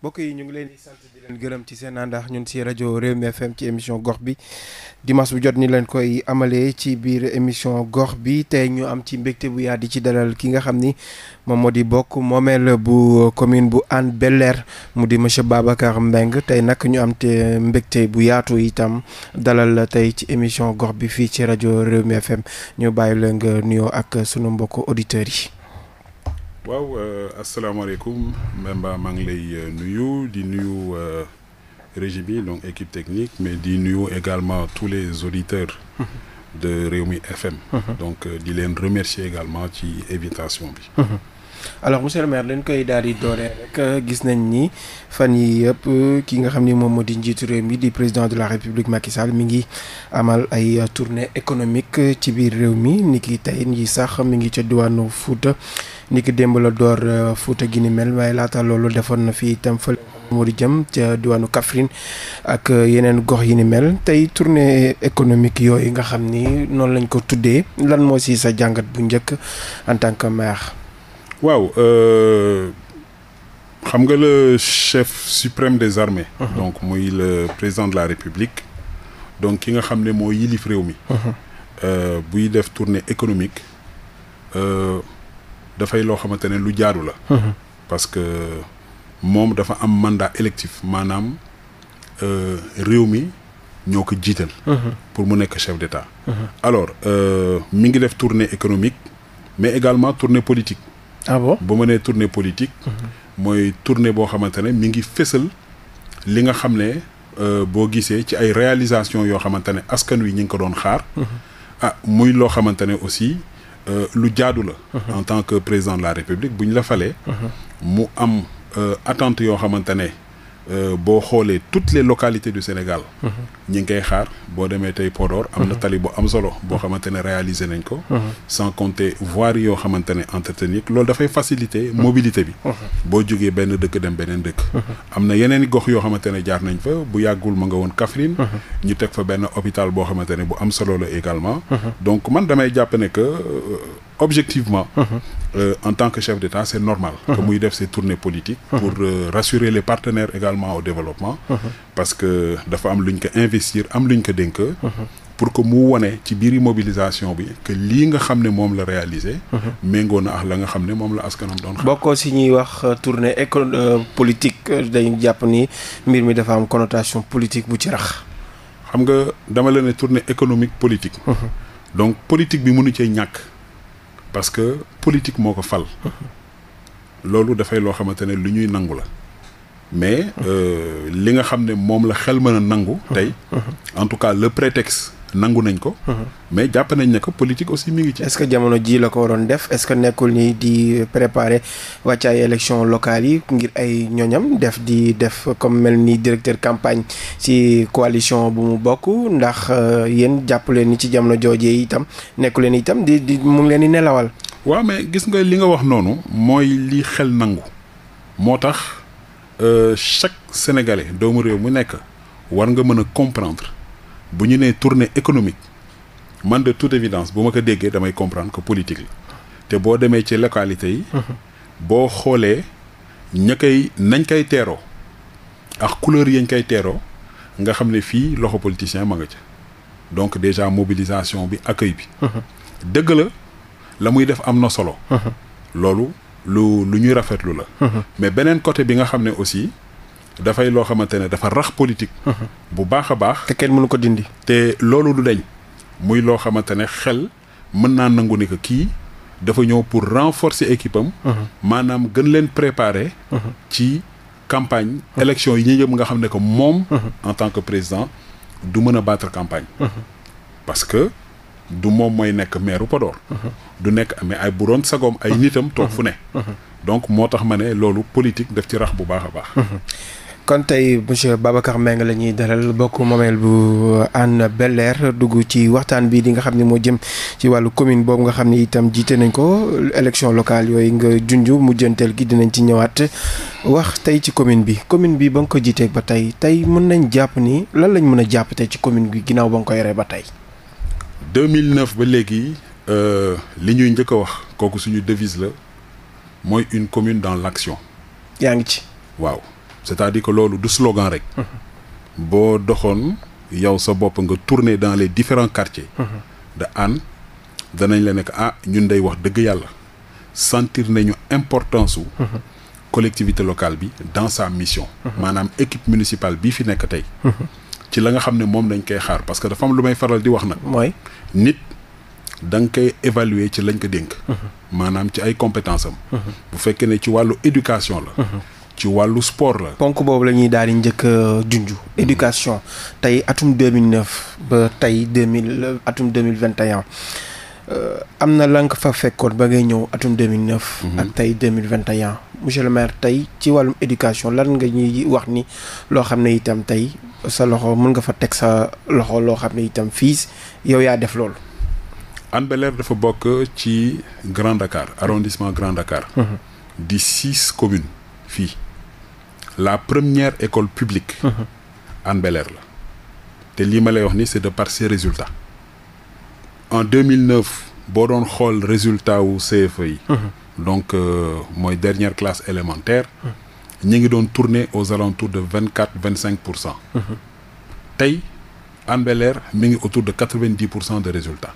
mbokk yi ñu ngi leen di sant di leen gërëm ci seen àndax ñun si rajo Rewmi FM ci émission gox bi dimanche bu jot ni leen koy amalee ci biir émission gox bi tey ñu am ci mbégte bu yaa di ci dalal ki nga xam ni moom moo di bokk moomeel bu commune bu Hann bel mu di monsieur Babacar mbeng tey nag ñu am te mbégte bu yaatu itam dalal la tey ci émission gox bi fii ci rajo Rewmi FM ñu bàyyi la nga nuyoo ak sunu mbokk auditeurs yi. waaw euh, asalaamaaleykum Mbemba maa ngi lay euh, nuyu di nuyu euh, régie bi donc équipe technique mais di nuyu également tous les auditeurs de Rewmi FM donc di leen remercier également ci invitation bi mhm. alors monsieur le dañ koy daal di dooree rek euh, gis nañ ni fan yi yëpp euh, ki nga xam ni moom moo di njiitu réew mi di président de la république Macky Sall mi ngi amal ay euh, tournée économique ci biir réew mi ni ki tey yi sax mi ngi ca diwaanu Fouta ni ki démb la door Fouta gi ni mel waaye laata loolu defoon na fi itam fële jëm diwaanu Kaffrine ak yeneen gox yi ni mel tey tournée économique yooyu nga xam ni noonu lañ ko tuddee lan moo si sa jàngat bu njëkk en tant que maire. waaw euh, xam nga la chef suprême des armées. Uh-huh. donc muy le président de la république. donc ki nga xam ne moo yilif réew mi. Uh-huh. Euh, buy def tournée économique euh, dafay loo xamante ne lu jaaru la. Uh-huh. parce que moom dafa am mandat électif maanaam réew mi ñoo ko jiital. pour mu nekk chef d'état. alors mu ngi def tournée économique mais également tournée politique. ah bon bu ma nee tournée politique. Mhm. mooy tournée boo xamante ne mi ngi fësal li nga xam ne euh, boo gisee ci ay réalisation yoo xamante ne askan wi ñu ngi ko doon xaar. Mhm. ah muy loo xamante ne aussi euh, lu jaadu la. Mhm. en tant que président de la république bu ñu la falee. mu am euh, attente yoo xamante ne boo xoolee toutes les localités du Sénégal. ñi ngi koy xaar boo demee tey Podor. am na mhm. tali bu am solo boo mhm. xamante ne réaliser nañ ko. Mhm. san compter voirie yoo xamante ne entretenir loolu dafay faciliter mobilité bi. boo jógee benn dëkk dem beneen dëkk. am na yeneen gox yoo xamante ne jaar nañ fa bu yàggul ma nga woon Kaffrine. ñu teg fa benn hôpital boo xamante ne bu am solo la également. donc man damay jàpp ne que euh, objectivement. Euh, en tant que chef d'État c'est normal. que muy def ses tournées politiques. pour euh, rassurer partenaires également au parce que dafa am luñ ko investir am luñ ko dénk. pour que mu wone ci biir mobilisation bi que lii nga xam ne moom la réalisé. méngoo na ak la nga xam ne moom la askanam doon. bokkoo si ñuy wax euh, tournée éco euh, politique euh, dañu jàpp ni mbir mi dafa am connotation politique bu ci rax. xam nga dama la ne économique politique. donc politique bi mënu cee ñàkk. parce que politique moo ko fal. loolu dafay loo xamante ne lu ñuy nangu la. mais euh, li nga xam ne moom la xel mën a nangu tey en tout cas le prétexte nangu nañ ko mais jàpp nañ ne que politique aussi mi ngi ci est-ce que jamono ji la ko waroon def est-ce que nekkul ni di préparer wàcc ay élections locales yi ngir ay ñoñam def di def comme mel nii directeur campagne ci coalition bu mu bokk ndax euh, yéen jàpp leen ni ci jamono joojee itam nekku leen itam di di mu ngi leen di nelawal waaw mais gis nga li nga wax noonu mooy li xel nangu Euh, chaque sénégalais doomu réew mu nekk war nga mën a comprendre bu ñu nee tournée économique man de toute évidence bu ma ko déggee damay comprendre ko politique la te boo demee ci localité yi. Mhm. boo xoolee ña nañ koy teeroo ak couleur yañ koy teeroo nga xam ne fii loxo politicien ma nga ca donc déjà mobilisation bi accueil bi. Mhm. dëgg la la muy def am na solo. Mhm. loolu. lu lu ñuy rafetlu la. Mhm. mais beneen côté bi nga xam ne aussi dafay loo xamante ne dafa rax politique. Mhm. bu baax a baax. te kenn mënu ko dindi. te loolu du deñ muy loo xamante ne xel mën naa nangu ne que kii dafa ñëw pour renforcer équipe am. Mhm. maanaam gën leen préparer. ci campagne. élection yi ñu jëm nga xam ne ko moom. en tant que président du mën a battre campagne. du moom mooy nekk maire Podor. du nekk mais ay bu doon sagoom ay nitam toog fu ne. donc moo tax ma ne loolu politique def ci rax bu baax a baax. kon tey monsieur Babacar Mbengue la ñuy dalal bokk moomeel bu euh, Hann Bel-Air dugg ci waxtaan bi di nga xam ne moo jëm ci wàllu commune boobu nga xam ni itam jiite nañ ko élection locale yooyu nga junj mujjanteel gi dinañ ci ñëwaat wax tey ci commune bi commune bi ba nga ko jiiteeg ba tey tey mën nañ jàpp ni lan lañ mën a jàpp ci commune bi ginnaaw ba nga ko yoree ba tey. 2009 ba léegi euh, li ñuy njëkk a wax kooku suñu devise la mooy une commune dans l'action. yaa ngi ci. waaw c'est-à-dire que loolu du slogan rek. Mhm. boo doxoon yow sa bopp nga tourner dans les différents quartiers. Mhm. de Hann danañ la nekk ah ñun day wax dëgg yàlla sentir nañu importance su. Mhm. collectivité locale bi dans sa mission. maanaam équipe municipale bii fi nekk tey. ci la nga xam ne moom dañ koy xaar parce que dafa lu may faral di wax nag. mooy nit danga nga koy évaluer ci lañ ko dénk. Mhm. maanaam ci ay compétence mhm. bu fekkee ne ci wàllu éducation la. Mhm. ci wàllu sport la. ponk boobu la ñuy daal di njëkk a euh, junj. éducation tey atum 2009 ba tey 2000 atum 2021. Euh, am na la nga fa fekkoon ba ngay ñëw atum 2009. Mhm. ak tey 2021 monsieur le maire tey ci wàllum éducation lan nga ñuy wax ni loo xam ne itam tey sa loxo mën nga fa teg sa loxo loo xam ne itam fii yow yaa def loolu. Hann bel dafa bokk ci Grand Dakar arrondissement Grand Dakar. Mhm. di six communes fii la première école publique. Hann mhm. bel la te lii ma lay wax ni c'est de par résultat en 2009 boo doon xool résultat wu CFE yi. donc euh, mooy dernière classe élémentaire. ñu ngi doon tourner aux alentours de vingt quatre vingt cinq pour cent. tey Hann bel mi ngi autour de quatre vingt dix pour cent de résultat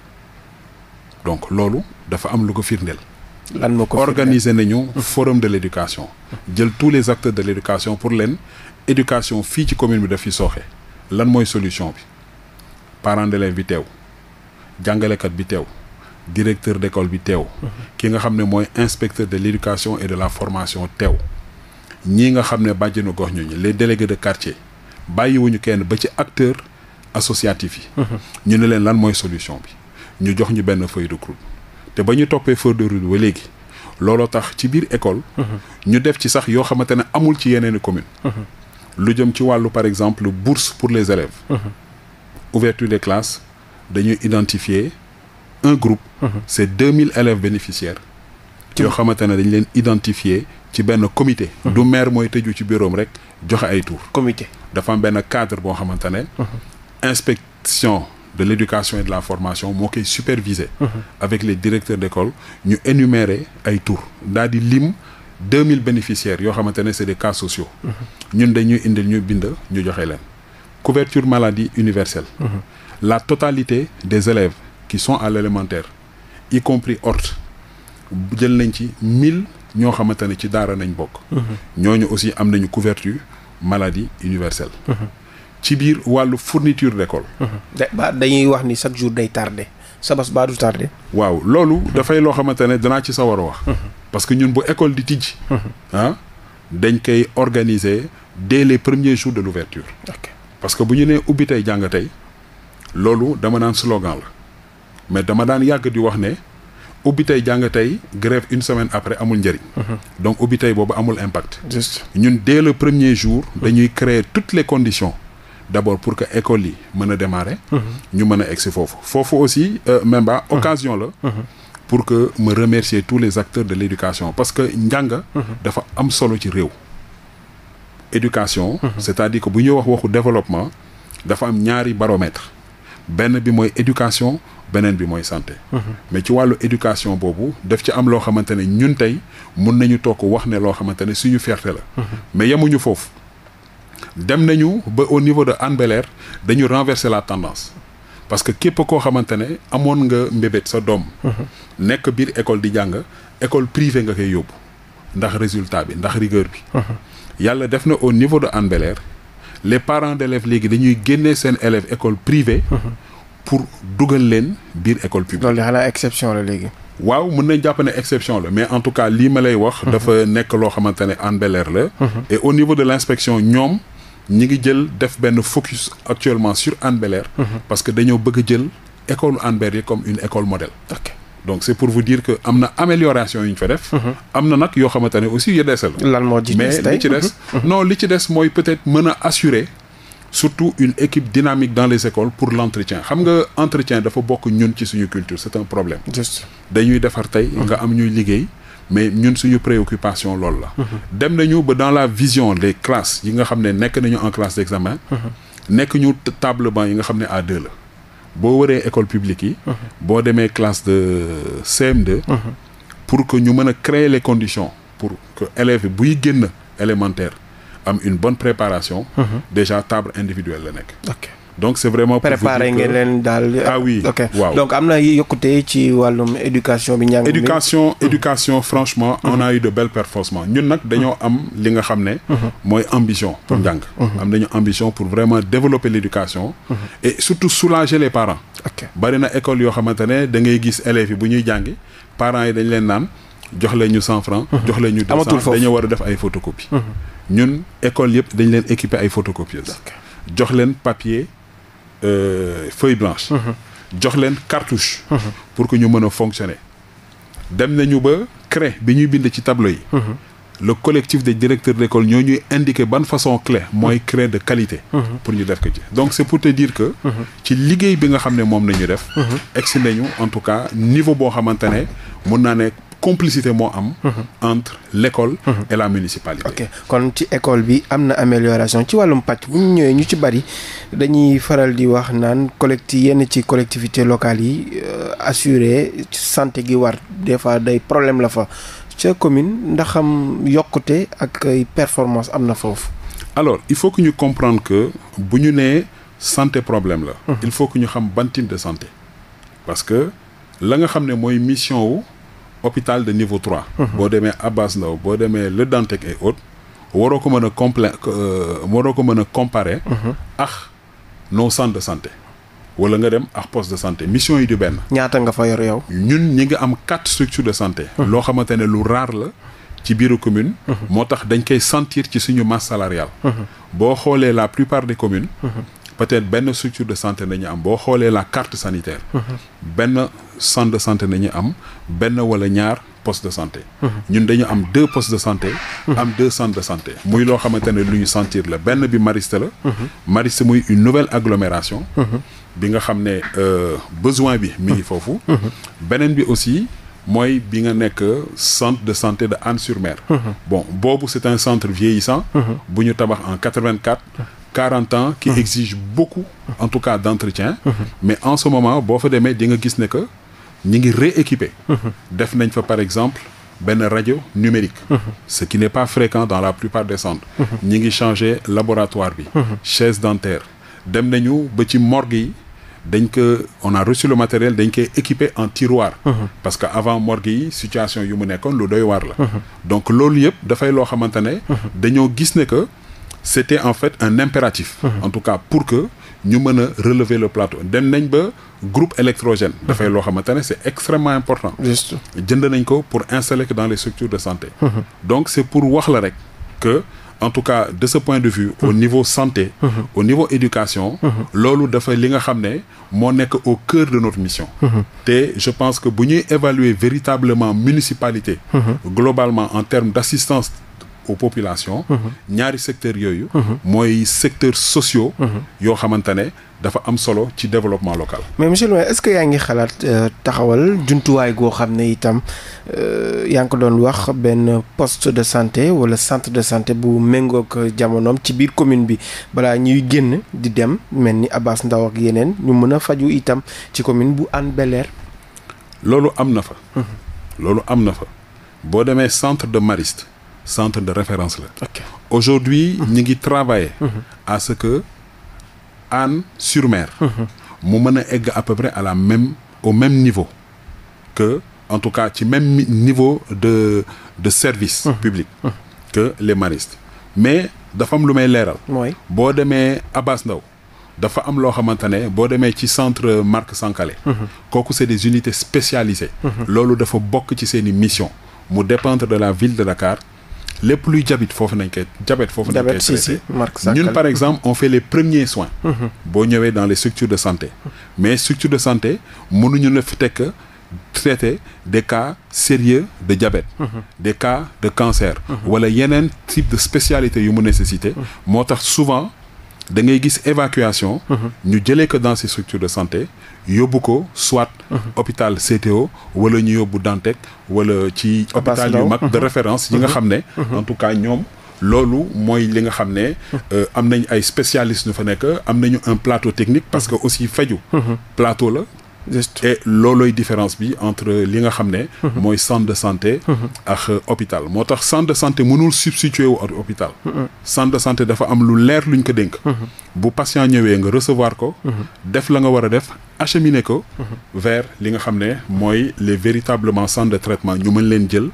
donc loolu dafa am lu ko firndeel. lan moo ko organiser nañu. forum de l' éducation. jël tous les acteurs de l' éducation pour leen éducation fii ci commune bi daf fi sooxe lan mooy solution bi parents d'élèves bi jàngalekat bi teew directeur d'école bi teew ki nga xam ne mooy inspecteur de l'éducation et de la formation teew ñii nga xam ne bàjjenu gox ñooñu leen délégués de quartier bàyyiwuñu kenn ba ci acteur associatif yi ñu ne leen lan mooy solution bi ñu jox ñu benn feuille de route te ba ñu toppee feuille de route ba léegi looloo tax ci biir école ñu def ci sax yoo xamante ne amul ci yeneeni commune lu jëm ci wàllu par exemple bourse pour les élèves ouverture des classes dañuy identifier un group mmh. deux mille élèves bénéficiaires yoo xamante ne dañ leen identifier ci benn comité mhm. du maire mooy tëju ci bureau rek joxe ay tour comité dafa am benn cadre boo xamante ne mhm. inspection de l'éducation et de la formation moo koy superviser mhm. avec les directeurs d'école ñu énumérer ay tour daal di lim deux mille bénéficiaires yoo xamante ne c'est des cas sociaux ñun dañuy indil ñu bind ñu joxe leen couverture maladie universelle la totalité des élèves qui son à l'élémentaire y compris hort jël nañ ci mille ñoo xamante ne ci daara nañ bokk mhm. ñooñu aussi am nañu couverture maladie universelle ci biir wàllu fourniture d'école mhm. dañuy wax ni chaque jour day tardé sabas baa du tardé waaw loolu dafay loo xamante ne danaa ci sawar a wax mhm. parce que ñun bu école di tijj ah dañ koy organiser des les premiers jours de l'ouverture parce que bu ñu nee ubbi tey jàng tey loolu dama daan slogan la mais dama daan yàgg di wax ne ubbi tey jàng tey grève une semaine après amul njëriñ. Mhm. donc ubbi tey boobu amul impact. ñun dès le premier jour. Mhm. dañuy créer toutes les conditions d' abord pour que école yi mën a démarrer. Mhm. ñu mën a egg si foofu foofu aussi même euh, ba occasion la. pour que ma remercier tous les acteurs de l' éducation parce que njàng. dafa am solo ci réew. éducation. c' à dire que bu ñuy wax waxu développement dafa am ñaari baromètre benn bi mooy éducation beneen bi mooy santé. Mhm. mais ci wàllu éducation boobu def ci am loo xamante ne ñun tey mun nañu toog wax ne loo xamante ne suñu fierté la. Mhm. mais yemuñu foofu dem nañu ba au niveau de Hann bel dañu renverser la tendance. parce que képp koo xamante ne amoon nga mbébét sa doom. Mhm. nekk biir école di jàng école privée nga koy yóbbu ndax résultat bi ndax rigueur bi. yàlla def na au niveau de Hann bel les parents d'élèves léegi dañuy génne seen élèves école privée mhm. pour dugal leen biir école publique loolu xanaa exception la léegi waaw mën nañ jàpp ne exception la mais en tout cas lii ma lay wax mhm. dafa nekk loo xamante ne en la mhm. et au niveau de l'inspection ñoom ñi ngi jël def benn focus actuellement sur Hann bel parce que dañoo bëgg jël école Hann bel comme une école modèle donc c' est pour vous dire que am na amélioration yu ñu fa def. Mhm. am na nag yoo xamante ne aussi yu des la. lan moo ci mais li ci des. Mhm. non li ci des mooy peut-être mën a assurer surtout une équipe dynamique dans les écoles pour l' entretien xam nga entretien dafa bokk ñun ci suñu culture c' est un problème. juste dañuy defar tey. Mhm. nga am ñuy liggéey. mais ñun suñu préoccupation loolu la. dem nañu ba dans la vision des classes yi nga xam ne nekk nañu en classe d' examen. nekk ñu table yi nga xam ne A2 la. boo waree école publique yi. Uh-huh. boo demee classe de cm uh-huh. pour que ñu mën a créer les conditions pour que élèves buy génn élémentaire am une bonne préparation. Uh-huh. déjà table individuelle la nekk. donc c' est vraiment. préparé ngeen leen daal. ah euh, oui ok waaw donc am na yokkute ci wàllum éducation bi. njàng éducation mhm. éducation franchement. Mhm. on a eu de belles performances ñun nag dañoo am li nga xam ne. Mhm. mooy ambition pour njàng. am nañu ambition pour vraiment développer l' éducation. et surtout soulager les parents. ok bari na école yoo xamante ne da ngay gis élèves yi bu ñuy jàngi parents yi dañ leen naan. jox leen ñu cent franc jox leen ñu deux cent dañoo war a def ay photocopie ñun école yëpp dañ leen équiper ay photocopieuses jox leen papier Euh, feuille blanche. Mhm. jox leen cartouche. Mhm. pour que ñu mën a fonctionner. dem nañu ba craie bi ñuy bind ci tableau yi. Mhm. le collectif des directeurs d'école ñoo ñuy indiqué ban façon clé mooy craie de qualité. pour ñu def ko ci donc c'est pour te dire que. ci liggéey bi nga xam ne moom la ñu def. egsi nañu en tout cas niveau boo xamante ne mun naa ne. complicité moo am. Mhm. entre l' école. Mhm. et la municipalité. ok kon ci école bi am na amélioration ci wàllum pàcc bu ñu ñëwee ñu ci bari dañuy faral di wax naan collecti yenn ci collectivité locale yi euh, assurer santé gi war des fois day problème la fa ca commune ndaxam am yokkute ak performance am na foofu. alors il faut que ñu comprendre que bu ñu nee santé problème la. Mhm. il faut que ñu xam ban de santé. parce que la nga xam ne mooy mission wu. hôpital de niveau trois. boo demee Abass Ndao boo demee Le Dantec et autres waroo ko mën a compla euh, waroo ko mën a comparer. ak nos centres de santé. wala nga dem ak poste de santé mission yi du benn. ñaata nga fa yor yow. ñun ñu ngi am quatre structures de santé. loo xamante ne lu rare la. ci biiru commune. moo tax dañ koy sentir ci suñu masse boo xoolee la plupart des communes. peut-être benn structure de santé nañu am boo xoolee la carte sanitaire benn centre de santé nañu am benn wala ñaar poste de santé ñun dañu am deux postes de santé am deux centres de santé muy loo xamante ne lu ñu sentir la benn bi Mariste la Mariste muy une nouvelle agglomération bi nga xam ne euh, besoin bi mi ngi foofu beneen bi aussi mooy bi nga nekk centre de santé de Anne sur Mer bon boobu c'est un centre vieillissant bu ñu tabax en quatre-vingt-quatre 40 ans qui exige beaucoup en tout cas d'entretien mais en ce moment boo fa demee di nga gis ne que ñi ngi rééquipé def nañ fa par exemple benn rajo numérique ce qui n'est pas fréquent dans la plupart des centres ñi ngi changé laboratoire bi chaise dentaire dem nañu ba ci morgue yi dañ ko on a reçu le matériel dañ koy équipé en tiroir parce que avant morgue yi situation yu mu nekkoon lu doy la donc loolu yëpp dafay loo xamante ne dañoo gis ne c'était en fait un impératif. en tout cas pour que ñu mën a relever le plateau dem nañ ba groupe électrogène. dafay loo xamante ne c'est extrêmement important. juste jënd nañ ko pour installer que dans les structures de santé. donc c'est pour wax la rek que. en tout cas de ce point de vue au niveau santé au niveau éducation loolu dafa li nga xam ne moo nekk au cœur de notre mission te je pense que bu ñuy évaluer véritablement municipalité globalement en termes d'assistance aux populations mmh. ñaari secteur yooyu mmh. mooy secteur sociaux mmh. yoo xamante ne dafa am solo ci développement local mais monsieur le maire ce que yaa ngi xalaat euh, taxawal jumtuwaay goo xam ne itam euh, yaa ngi ko doon wax benn poste de santé wala centre de santé bu méngoog jamonoom ci biir commune bi balaa ñuy génn di dem mel ni Abass Ndao ak yeneen ñu mën a faju itam ci commune bu Hann bel loolu am na fa loolu am na fa boo demee centre de Mariste centre de référence la. Okay. aujourd'hui mhm. ñu ngi travailler. Mhm. à ce que Hann sur Mer. Mhm. mu mën a egg à peu à la même au même niveau que en tout cas ci même niveau de de service. public que les maristes. mais dafa am lu may leeral. boo demee Abass Ndao dafa am loo xamante ne boo demee ci centre Marc Sankalé. kooku c'est des unités spécialisées. loolu dafa bokk ci seen i mission mu dépendre de la ville de Dakar. lépp luy jabit foofu nañ koy jabet foofu nañ koy traité ñun par exemple on fait les premiers soins mm-hmm. boo ñëwee dans les structures de santé mais structure de santé mënuñu la fi tekk traiter des cas sérieux de diabète mmh. des cas de cancer mm-hmm. wala mmh. yeneen type de spécialité yu mu nécessité mm-hmm. moo tax souvent da ngay gis évacuation. Mhm. ñu jëlee ko dans ces structures de santé yóbbu ko soit. Mhm. hôpital CTO wala ñu yóbbu Dantec wala ci. hôpital yu mag de mhm. référence yi nga xam ne. en tout cas ñoom. loolu mooy li nga xam ne euh, am nañ ay spécialistes ñu fa nekk am nañu un plateau technique parce que aussi faju plateau la juste loolooy différence bi entre li nga xam ne. Mhm. mooy centre de santé. Mhm. ak euh, hôpital moo tax centre de santé mënul substituer wu ak hôpital. Mhm. centre de santé dafa am lu leer luñ ko dénk. bu patient ñëwee nga recevoir ko. def la nga war a def acheminer ko. vers li nga xam ne mooy les véritablement centres de traitement ñu mën leen jël.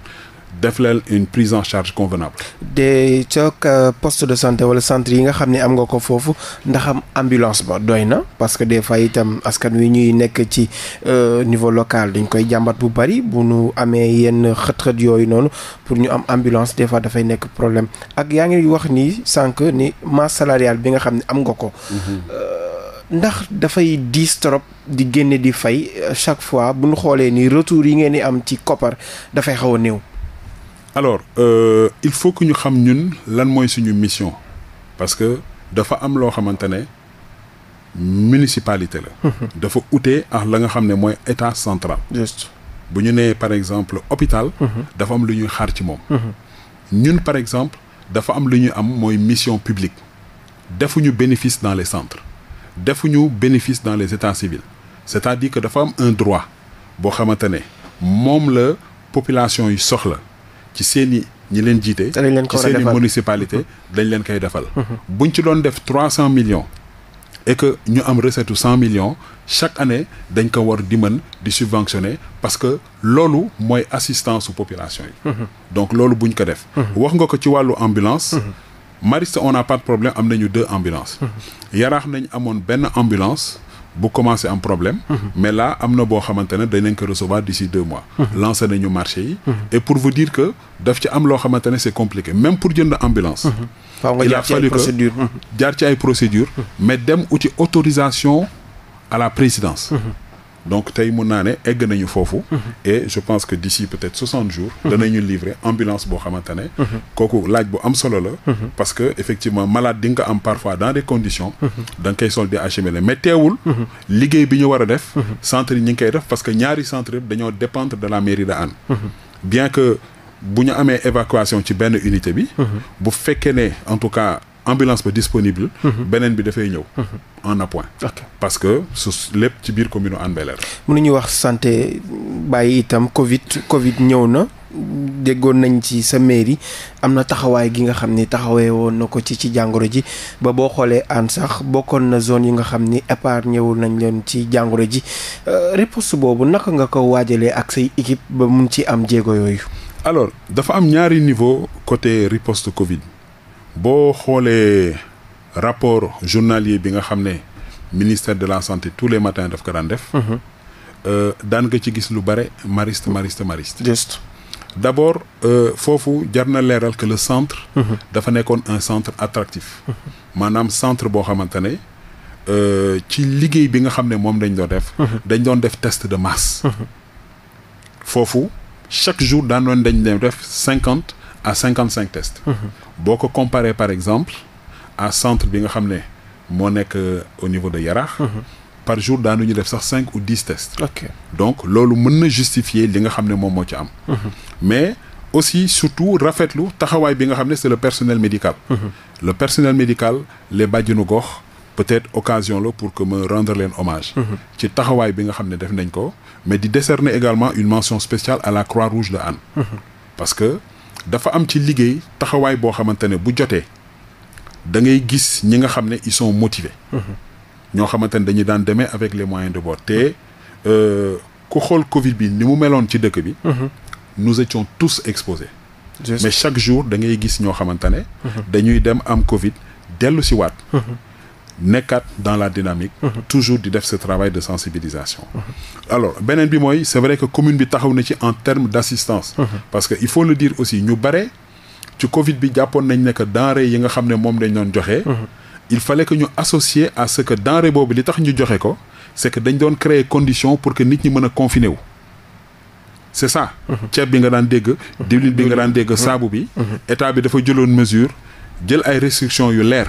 def leen une prise en charge convenable. de cook euh, poste de santé wala centre yi nga xam ne am nga ko foofu ndax am ambulance ba doy na parce que des fois itam askan wi ñuy nekk ci euh, niveau local dañ koy jàmbat bu bari bu nu amee yenn xët-xët yooyu noonu pour ñu am ambulance des fois dafay nekk problème ak yaa ngi wax ni sànq ni masse salariale bi nga xam ne am nga ko. Mhm. Euh, ndax dafay diis trop di génne di fay chaque fois bu ñu xoolee ni retour yi ngeen di am ci koppar dafay xaw a néew. alors euh, il faut que ñu xam ñun lan mooy suñu mission parce que dafa am loo xamante ne municipalité la. dafa ute ah la nga xam ne mooy état central. juste bu ñu nee par exemple hôpital. Mhm. dafa am lu ñuy xaar ci moom. Mhm. ñun par exemple dafa am lu ñu am mooy mission publique. defuñu bénéfice dans les centres. defuñu bénéfice dans les états civils. c'est-à-dire que dafa am un droit boo xamante ne moom la population yi soxla. ci seeni ñi leen jiite ci seeni municipalité mm-hmm. dañ leen koy defal mm-hmm. buñ ci doon def cent millions et que ñu am recette cent millions chaque année dañ ko war di mën di subventionner parce que loolu mooy assistance su population yi mm-hmm. donc loolu buñ ko def wax nga ko ci wàllu ambulance Mariste on n'a pas de problème am nañu deux ambulances yaraax nañ amoon benn ambulance bu commencé am problème. Mhm. mais là am na boo xamante ne danañ ko recevoir d'ici deux mois. Mhm. lancé nañu marché yi. Mhm. et pour vous dire que daf ci am loo xamante ne c'est compliqué même pour jënd ambulance. il a fallu que jaar ci ay procédures. mais dem uti autorisation à la présidence. donc tey mun naa ne egg nañu foofu. Mhm. et je pense que d'ici peut-être soixante jours. Mhm. danañu livrer ambulance boo xamante ne. Mhm. kooku laaj bu am solo la. parce que effectivement malade di nga ko am parfois dans des conditions. da nga koy soldé HML mais teewul. liggéey bi ñu war a def. centre yi ñu ngi koy def parce que ñaari centre dañoo dépendre de la mairie de Hann. bien que bu ñu amee évacuation ci benn unité bi. bu fekkee ne en tout cas. ambulance ba disponible. Mhm. beneen bi dafay ñëw. Mhm. en appoint. parce que su lépp ci biir commune Hann Bel-Air. mënuñu wax santé bàyyi itam Covid Covid ñëw na. déggoon nañ ci sa mairie am na taxawaay gi nga xam ni taxawee woon na ko ci ci jàngoro ji ba boo xoolee aan sax bokkoon na zone yi nga xam ni épargné wul nañ leen ci jàngoro ji euh, réponse boobu naka nga ko waajalee ak say équipe ba mun ci am jéego yooyu alors dafa am ñaari niveau côté riposte Covid boo xoolee rapport journalier bi nga xam ne ministère de la santé tous les matins daf ko daan def. Mhm. Euh, daan nga ci gis lu bare mariste mariste mariste. juste. d' abord euh, foofu jar na leeral que le centre. Mhm. dafa nekkoon un centre attractif. Mhm. maanaam centre boo xamante ne euh, ci liggéey bi nga xam ne moom dañ doon def. dañ doon def test de masse. foofu chaque jour daan doon dañ def cinquante. à cinquante cinq tests. boo ko comparé par exemple à centre bi nga xam ne moo nekk euh, au niveau de Yaraax. par jour daanuñu def sax cinq ou dix tests. donc loolu mën na justifier li nga xam ne moom moo ci am. mais aussi surtout rafetlu taxawaay bi nga xam ne c'est le personnel médical. le personnel médical les bàjjenu gox. peut-être occasion la pour que ma rendre leen hommage ci taxawaay bi nga xam ne def nañ ko mais di décerner également une mention spéciale à la Croix-Rouge de dafa am ci liggéey taxawaay boo xamante ne bu jotee da ngay gis ñi nga xam ne ils sont motivés. Mm-hmm. ñoo xamante ne dañuy daan demee avec les moyens de bord te euh, ku xool Covid bi ni mu meloon ci dëkk bi. Mm-hmm. nous étions tous exposés. mais chaque jour da gis ñoo xamante ne. Mm-hmm. dañuy dem am Covid dellu si waat. nekkaat dans la dynamique. Mhm. toujours di def ce travail de sensibilisation. Mhm. alors beneen bi mooy c'est vrai que commune bi taxaw na ci en termes d'assistance. Mhm. parce que il faut le dire aussi ñu bare ci Covid bi jàppoon nañ ne que denrées yi nga xam ne moom dañ doon joxe. il fallait que ñu associé à ce que denrée boobu li tax ñu joxe ko c'est que dañ doon créer condition pour que nit ñi mën a confiner wu. c'est ça. ceeb bi nga daan dégg. diwlin bi nga daan dégg saabu bi. état bi dafa jëloon mesure jël ay restrictions yu leer.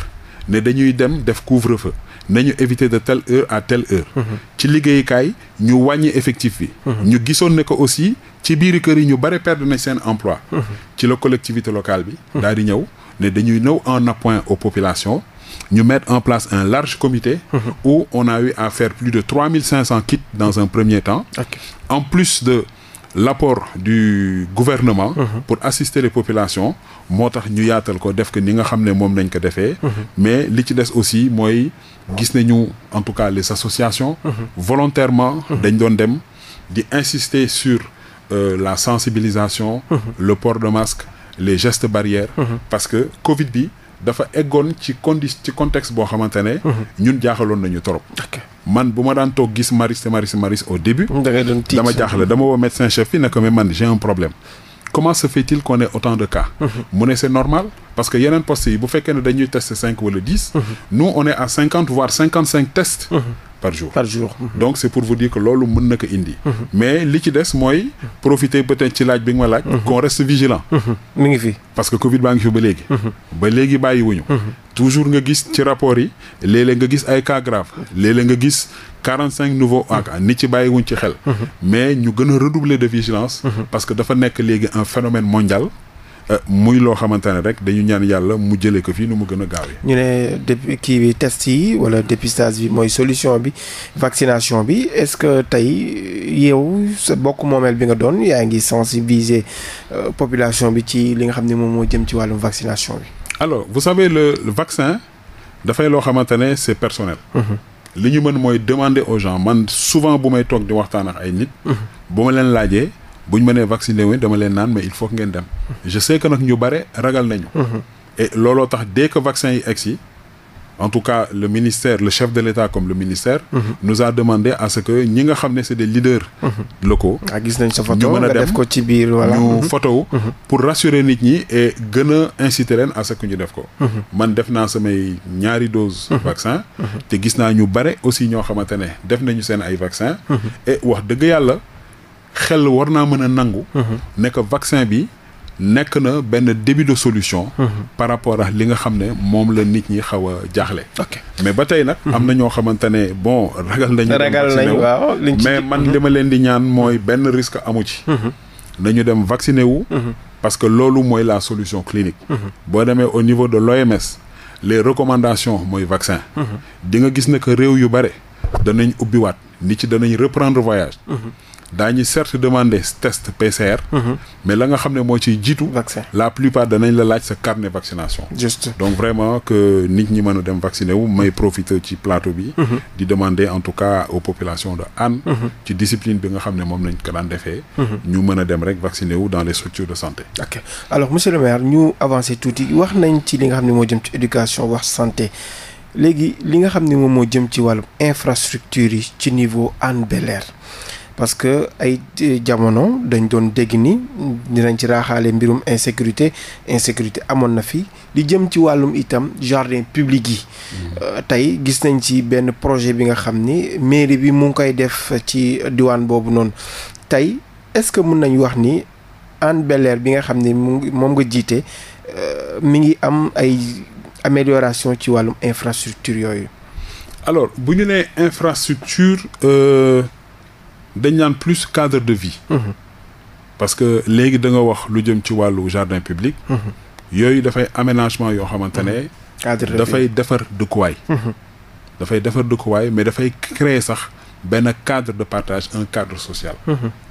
ne dañuy dem def couvre-feu nañu éviter de telle heure à tell heure. Mhm. ci liggéeyukaay ñu wàññi effectif bi. Mhm. ñu gisoon ne ko aussi ci biir kër yi ñu bare perdre nañ seen emploi. Mhm. ci la collectivité local bi. daal di ñëw ne dañuy ñëw en appoint aux populations. ñu mettre en place un large comité mmh. où on a eu à faire plus de 3500 kits dans un premier temps en plus de l'apport du gouvernement mhm. pour assister les populations moo tax ñu yaatal ko def ko ni nga xam ne moom nañ ko defee mhm. mais li ci des aussi mooy gis ñu en tout cas les associations mhm. volontairement dañ doon dem di insister sur euh, la sensibilisation le port de masque les gestes barrières parce que Covid bi dafa eggoon ci condi ci contexte boo xamante ne. Mhm. ñun jaaxaloon nañu trop. man bu ma daan toog gis maris te maris maris au début. dama jaaxle dama woo médecin chef bi ne ko mais man j'ai problème. comment fait-il qu'on ait de cas mhm. mu ne c'est normal parce que yeneen postes yi bu fekkee ne dañuy tester cinq wala dix mhm. nous on est à cinquante voire cinquante cinq tests par jour par jour mm-hmm. donc c'est pour vous dire que loolu mën na ko indi mm-hmm. mais li ci des mooy profiter peut-être ci laaj bi nga ma laaj mm-hmm. qu'on reste vigilant mu ngi fi parce que Covid baa ngi fi ba léegi ba léegi bàyyiwuñu toujours nga gis ci rapport yi léeg nga gis ay cas grave léeg nga gis quarante cinq nouveaux cas nit ci bàyyiwuñ ci xel mais ñu gën a redoubler de vigilance parce que dafa nekk léegi un phénomène mondial muy loo xamante ne rek dañu ñaan yàlla mu jëlee ko fii nu mu gën a gaawee. ñu ne depuis kii bi test yi wala dépistage bi mooy solution bi vaccination bi est-ce que tey yow sa bokk moomeel bi nga doon yaa ngi sensibiliser euh, population bi ci li nga xam ne moom moo jëm ci wàllum vaccination bi. alors vous savez le, le vaccin dafay loo xamante ne c'est personnel. Mhm. li ñu mën mooy demander au gens man souvent bu may toog di waxtaan ak ay nit. Mhm. bu ma leen laajee. bu ñu mënee vacciné wu dama leen naan mais il faut que ngeen dem. je sais que nag ñu bare ragal nañu. Mhm. et looloo tax dès ko vaccin yi egg si en tout cas le ministère le chef de l'État comme le ministère. Mhm. nous a demandé à ce que ñi nga xam ne c'est des leaders. Mhm. locaux ah gis nañ a photo ko ci biir voilà ñu foto pour rassurer nit ñi et gën a inciter leen à ñu def ko. man def naa samay ñaari dose vaccin te gis naa ñu bare aussi ñoo xamante ne def nañu seen ay vaccin et wax dëgg yàlla. xel war naa mën a nangu. Mhm. ne que vaccin bi nekk na benn début de solution. Mhm. par rapport ak li nga xam ne moom la nit ñi xaw a jaaxle. ok mais ba tey nag. am na ñoo xamante ne bon ragal nañu. ragal nañu waaw mais man li ma leen di ñaan mooy benn risque amu ci. Mhm. nañu dem vacciné wu. parce que loolu mooy la solution clinique. boo demee au niveau de l'OMS les recommandation mooy vaccin. di nga gis ne que réew yu bare danañ ubbiwaat nit ci danañ reprendre voyage. daañu certes demander test PCR. Mhm. mais la nga xam ne moo ciy jiitu. vaccin la plupart danañ la laaj sa carnet vaccination. juste donc vraiment que nit ñi mën a dem vacciner wu may profiter ci plateau bi. Mhm. di demander en tout cas aux populations de Hann. Mhm. ci discipline bi nga xam ne moom lañ ko daan defee. ñu mën a dem rek vacciner wu dans les structures de santé. ok alors monsieur le maire ñu avancer tuuti wax nañ ci li nga xam ne moo jëm ci éducation wax santé. léegi li nga xam ne moom moo jëm ci wàllu infrastructure yi ci niveau Hann Bel-Air parce que ay euh, jamono dañ doon dégg ni dinañ ci raaxaale mbirum insécurité insécurité amoon na fi li jëm ci wàllum itam jardin public yi. Mm-hmm. Euh, tey gis nañ ci benn projet bi nga xam ni mairie bi mu ngi koy def ci diwaan boobu noonu tey est-ce que mën nañ wax ni Hann bel bi nga xam ni moom nga jiite euh, mi ngi am ay amélioration ci wàllum infrastructure yooyu. alors bu ñu nee infrastructure. dañ naan plus cadre de vie. Mmh. parce que léegi da nga wax lu jëm ci wàllu jardin public. Mmh. yooyu dafay aménagement yoo xamante ne. Mmh. cadre de dafay defar dëkkuwaay. dafay defar dëkkuwaay mais dafay créer sax benn cadre de partage un cadre social.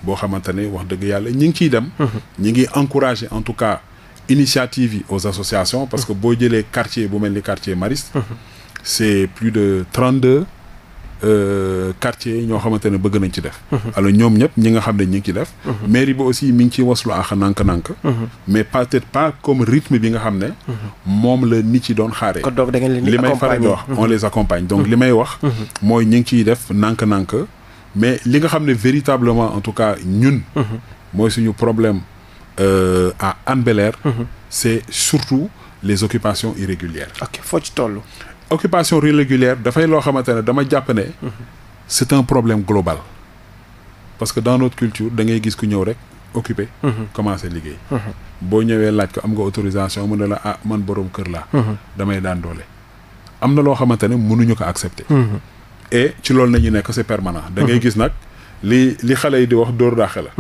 boo xamante ne wax dëgg yàlla ñi ngi ciy dem. ñi ngi encourager en tout cas initiative yi aux associations. parce que boo jëlee quartier bu mel ni quartier maris c'est plus de trente-deux Euh, quartier yi ñoo xamante ne bëgg nañ ci def alors ñoom ñëpp ñi nga xam ne ñi ngi ci def mairie bi aussi mi ngi ciy waslu axa nànk-nànk mais peut-être pas comme nga xam ne moom la nit ci doon xaaree li may faral di wax on les accompagne donc li may wax mhm. mooy ñi ngi ciy def nànk-nànk mais li nga xam ne véritablement en tout cas ñun mhm. mooy suñu problème euh, à Hann bel mhm. c'est surtout les occupations irrégulières ok foo ci toll occupation irrégulière dafay loo xamante ne dama jàpp ne. c' est un problème global. parce que dans notre culture da ngay gis ku ñëw rek occupé. Mhm. commencé liggéey. Mhm. boo ñëwee laaj ko am nga autorisation mu ne la ah man boroom kër laa. Mhm. damay daan doole. am na loo xamante ne mënuñu ko accepter. et ci loolu nañu nekk c' est permanent. da gis nag li li xale yi di wax dóor daaxe la.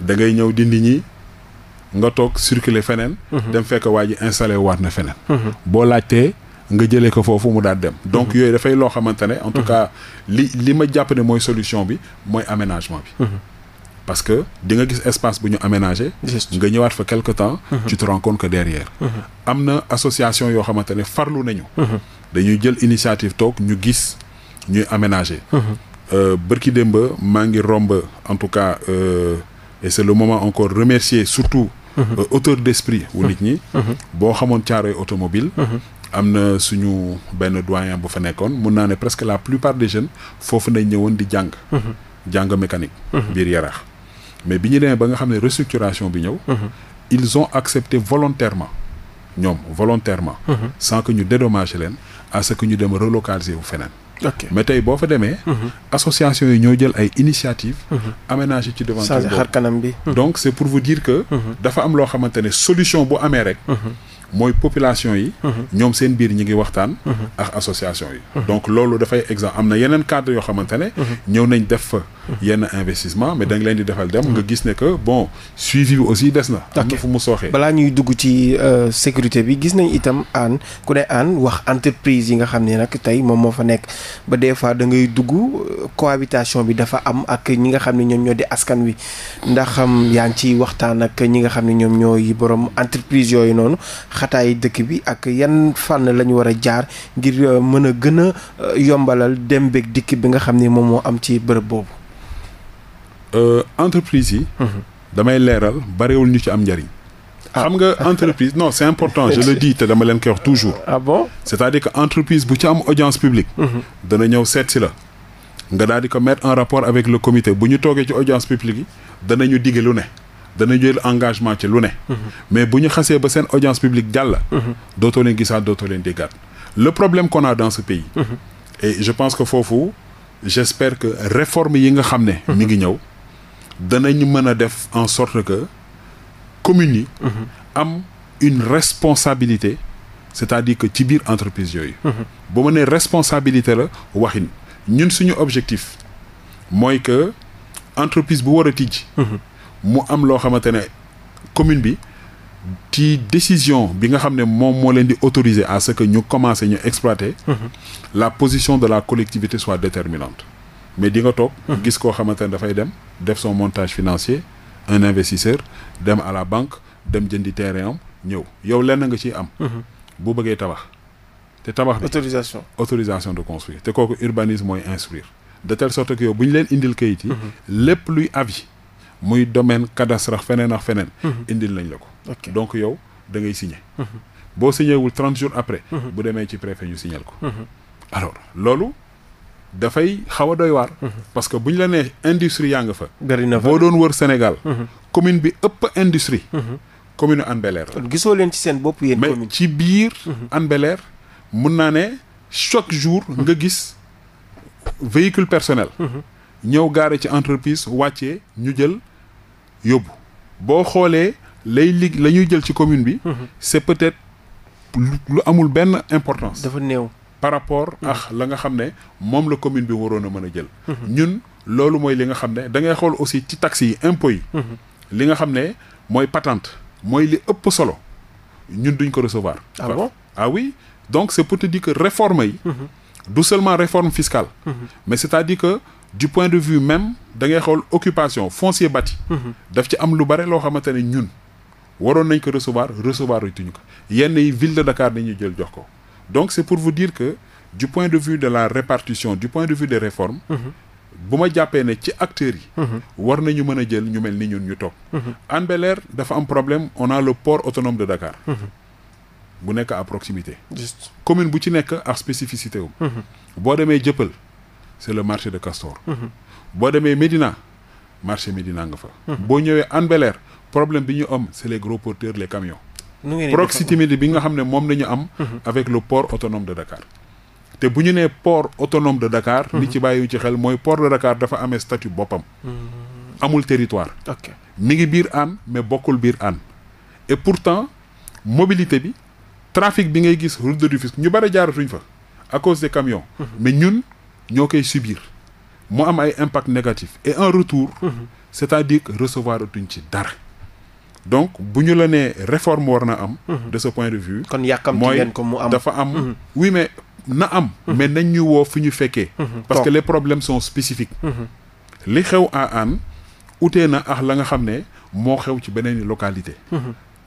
da ngay ñëw dindi ñi nga toog circuler feneen. dem fekk waa ji installé waat na feneen. boo nga jëlee ko foofu mu daal dem. donc mhm. yooyu dafay loo xamante ne. en tout mhm. cas li li ma jàpp ne mooy solution bi mooy aménagement bi. Mhm. parce que di nga gis espace bu ñu aménagé. nga ñëwaat fa quelque temps. tu te derrière. am na association yoo xamante ne farlu nañu. dañuy jël initiative toog ñu gis ñuy aménagé. Euh, bërki démb maa ngi romb en tout cas euh, et c'est le moment encore remercier surtout. Euh, auteur d'esprit wu nit ñi. boo xamoon caaroy automobile am na suñu benn doyen bu fa nekkoon mun naa ne presque la plupart des jeunes foofu nañ ñëwoon di jàng. Mhm. jàng mécanique. Mhm. biir yaraax mais bi ñu demee ba nga xam ne restructuration bi ñëw. Mhm. ils ont accepté volontairement ñoom volontairement. sans que ñu dédommager leen à ce que ñu dem relocaliser wu feneen. ok mais tey boo fa demee. association yi ñoo jël ay initiative aménagé ci devant. changé xar kanam bi. donc c' est pour vous dire que. dafa am loo xamante solution bu amee rek. mooy population yi. Mhm. ñoom seen biir ñu ngi waxtaan. Mhm. ak association yi. Mhm. donc loolu dafay exemple am na yeneen cadre yoo xamante ne. ñëw nañ def fa. yenn investissement mais da leen di defal dem nga gis ne que bon suivi bi aussi des na am na fu mu sooxee balaa ñuy dugg ci euh, sécurité bi gis nañ itam aan ku ne aan wax entreprise yi nga xam ne nag tey moom moo fa nekk ba des fois da ngay dugg euh, cohabitation bi dafa am ak ñi nga xam ne ñoom ñoo di askan wi ndax yaa ngi ciy waxtaan ak ñi nga xam ne ñoom ñooy borom entreprise yooyu noonu xataay dëkk bi ak yan fànn la ñu war a jaar ngir euh, mën a gën a yombalal dem beeg dikk bi nga xam ne moom moo am ci bërëb boobu Euh, entreprise yi. Mhm. damay leeral barewul ñu ci am njariñ. Ah. xam nga entreprise no c'est important je le dis te dama leen koy wax toujours. ah bon c'est-à-dire que entreprise bu ci am audience publique. Mhm. dana ñëw seet la. nga daal di ko mettre en rapport avec le comité bu ñu toogee ci audience publique yi ñu digg lu ne. dana jël engagement ci lu ne. Mhm. mais bu ñu xasee ba seen audience publique jàll. dootoo leen gisaat dootoo leen déggaat. le problème qu'on a dans ce je pense que foofu j'espère que réforme yi nga xam ne. mi ngi ñëw. danañ mën a def en sorte que commune yi mhm. am une responsabilité c'est-à-dire que ci biir entreprise yooyu mhm. ba ma responsabilité la waxin ñun suñu objectif mooy que entreprise bu war a tijj mhm. mu am loo xamante ne commune bi ci décision bi nga xam ne moom moo leen di autoriser à ce que ñu commencer ñu exploiter. la position de la collectivité soit déterminante mais di nga toog. gis koo xamante ne dafay dem def son montage financier un investisseur dem à la banque dem jëndi terrain am ñëw yow lenn nga ciy am. Mhm. bu bëggee tabax. te tabax bi autorisation autorisation de construire te kooku urbanisme mooy instruire de telle sorte que yow bu ñu leen indil kayit yi. Mhm. lépp luy avis muy domaine cadastre feneen ak feneen. Mhm. indil nañ la ko. donc yow da ngay signé. boo signé wul trente jours après. bu demee ci préfet ñu signal ko. alors loolu. dafay xaw a doy waar. Mhm. parce que bu ñu la nee industrie yaa nga fa. bari na fa boo doon wër Sénégal. Mhm. commune bi ëpp industrie. Mhm. commune Hann Bel-Air gisoo leen ci seen bopp yéen commune mais ci biir. Hann Bel-Air mun naa ne chaque jour nga gis véhicule personnel. ñëw gaare ci entreprise wàccee ñu jël yóbbu. boo xoolee lay lig la ñuy jël ci commune bi. c'est peut-être lu amul benn importance. dafa néew. par rapport mm-hmm. ak la nga xam ne moom la commune bi waroon a mën a jël mm-hmm. ñun loolu mooy li nga xam ne da ngay xool aussi ci taxes yi impôts yi mm-hmm. li nga xam ne mooy patente mooy li ëpp solo ñun duñ ko recevoir ah bon ah donc c'est pour te dire que réforme yi du seulement réforme fiscale mais c'est-à-dire que du point de vue même dangay ngay xool occupation foncier bati daf ci am lu bare loo xamante ne ñun waroon nañ ko recevoir recevoir ituñu ko yenn yi ville de Dakar nañu jël jox ko donc c'est pour vous dire que du point de vue de la répartition du point de vue des réformes bu ma jàppee ne ci acteurs yi war nañu mën a jël ñu mel ni ñun ñu toog Hann bel dafa am problème on a le port autonome de Dakar bu nekk à proximité commune bu ci nekk ak spécificité wu boo demee Jëppal c'est le marché de Castor boo demee Médina marché Médina nga fa boo ñëwee Hann bel problème bi ñu am c'est le gros porteurs les camion proximité bi nga xam ne moom nañu am mhm. avec le port autonome de Dakar te bu ñu nee port autonome de Dakar mhm. li ci bàyyi ci xel mooy port de Dakar dafa amee statut boppam mhm. amul territoire ok mi ngi biir Hann mais bokkul biir Hann et pourtant mobilité bi trafic bi ngay gis route de Rufisque ñu bëri jaaratuñ fa à cause des mais ñun ñoo koy subir mu am ay impact négatif et en retour c'est-à-dire que recevoir tuñ ci dara donc bu ñu la nee réforme war na am. Mhm. de ce point de vue. kon yàkkamti ngeen ko mu am mooy dafa am. Mhm. oui mais na am. Mhm. mais nañ ñu woo fi ñu fekkee. parce que les problèmes sont spécifiques. li xew à Hann na ax la nga xam ne moo xew ci beneen localité.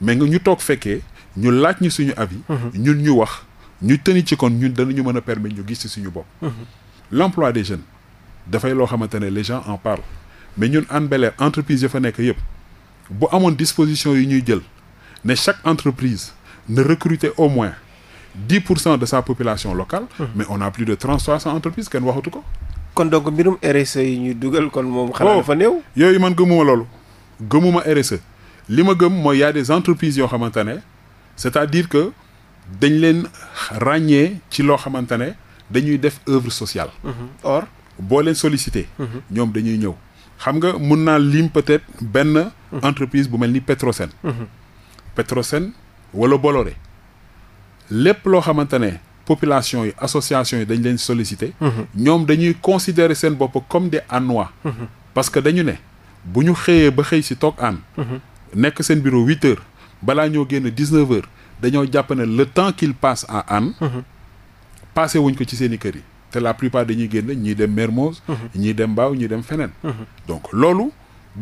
mais nga ñu toog fekkee ñu laaj ñi suñu avis. ñun ñu wax ñu tëni ci kon ñun danañu mën a permettre ñu gis ci suñu bopp. l'emploi des jeunes dafay loo xamante ne les en parlent mais ñun Hann bel entreprise ya fa nekk yëpp. bu amoon disposition yi ñuy jël ne chaque entreprise na recruter au moins dix pour cent de sa population locale. mais on a plus de trente-trois cent entreprises kenn waxatu ko. kon donc mbirum RSE yi ñuy dugal kon moom. xanaa oh, dafa néew. yooyu man gëmuma loolu gëmuma RSE li ma gëm mooy y des entreprises yoo xamante ne c'est-à-dire que dañ leen ràññee ci loo xamante ne dañuy def œuvre sociale. or boo leen solliciter. ñoom dañuy ñëw. xam nga mun naa lim peut-être benn mhm. entreprise bu mel ni Petrosen mhm. Petrosen wala bolore lépp loo xamante ne population yi association yi dañ leen sollicité mhm. ñoom dañuy considérer seen bopp comme des Hannois parce que dañu ne bu ñu xëyee ba xëy si toog aan nekk seen bureau huit heures balaa ñoo génn dix-neuf heures dañoo jàpp ne le temps qu'il passe à Hann passé wuñ ko ci seen i kër yi te la plupart dañuy génn ñii dem Mermoz mhm. ñii dem Mbao ñii dem feneen mhm. donc loolu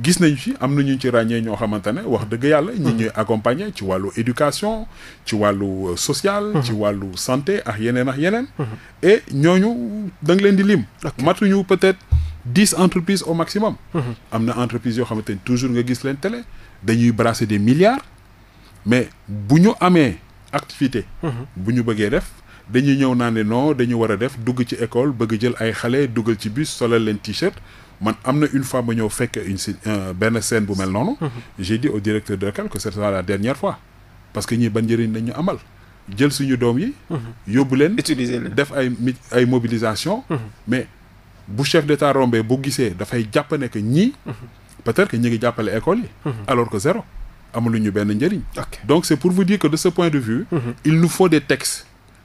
gis nañu ci am na ñu ci ràññee ñoo xamante ne wax dëgg yàlla ñi mhm. ñuy accompagner ci wàllu éducation ci wàllu euh, social ci wàllu santé ak yeneen ak yeneen et ñooñu da leen di lim matuñu peut-être dix entreprises au maximum am na entreprises yoo xamante ne toujours nga gis leen télé dañuy brasser des milliards mais bu ñu amee activité bu ñu bëggee def dañuy ñëw naa ne non dañu war a def dugg ci école bëgg jël ay xale duggal ci bus solal leen t-shirt man am na une fois ma ñëw fekk une si euh, benn scène bu mel noonu. Mhm. j'ai dit au directeur de l'école que ce sera la dernière fois parce que ñii ba njariñ lañ amal jël suñu doom yi. Mhm. yóbbu leen utiliser leen def ay ay mobilisation. Mhm. mais bu chef d'état rombé bu gisee dafay jàpp ne que ñii. peut-être que ñu ngi jàppale école yi. alors que zéro amuluñu benn njëriñ. donc c'est pour vous dire que de ce point de vue. il nous faut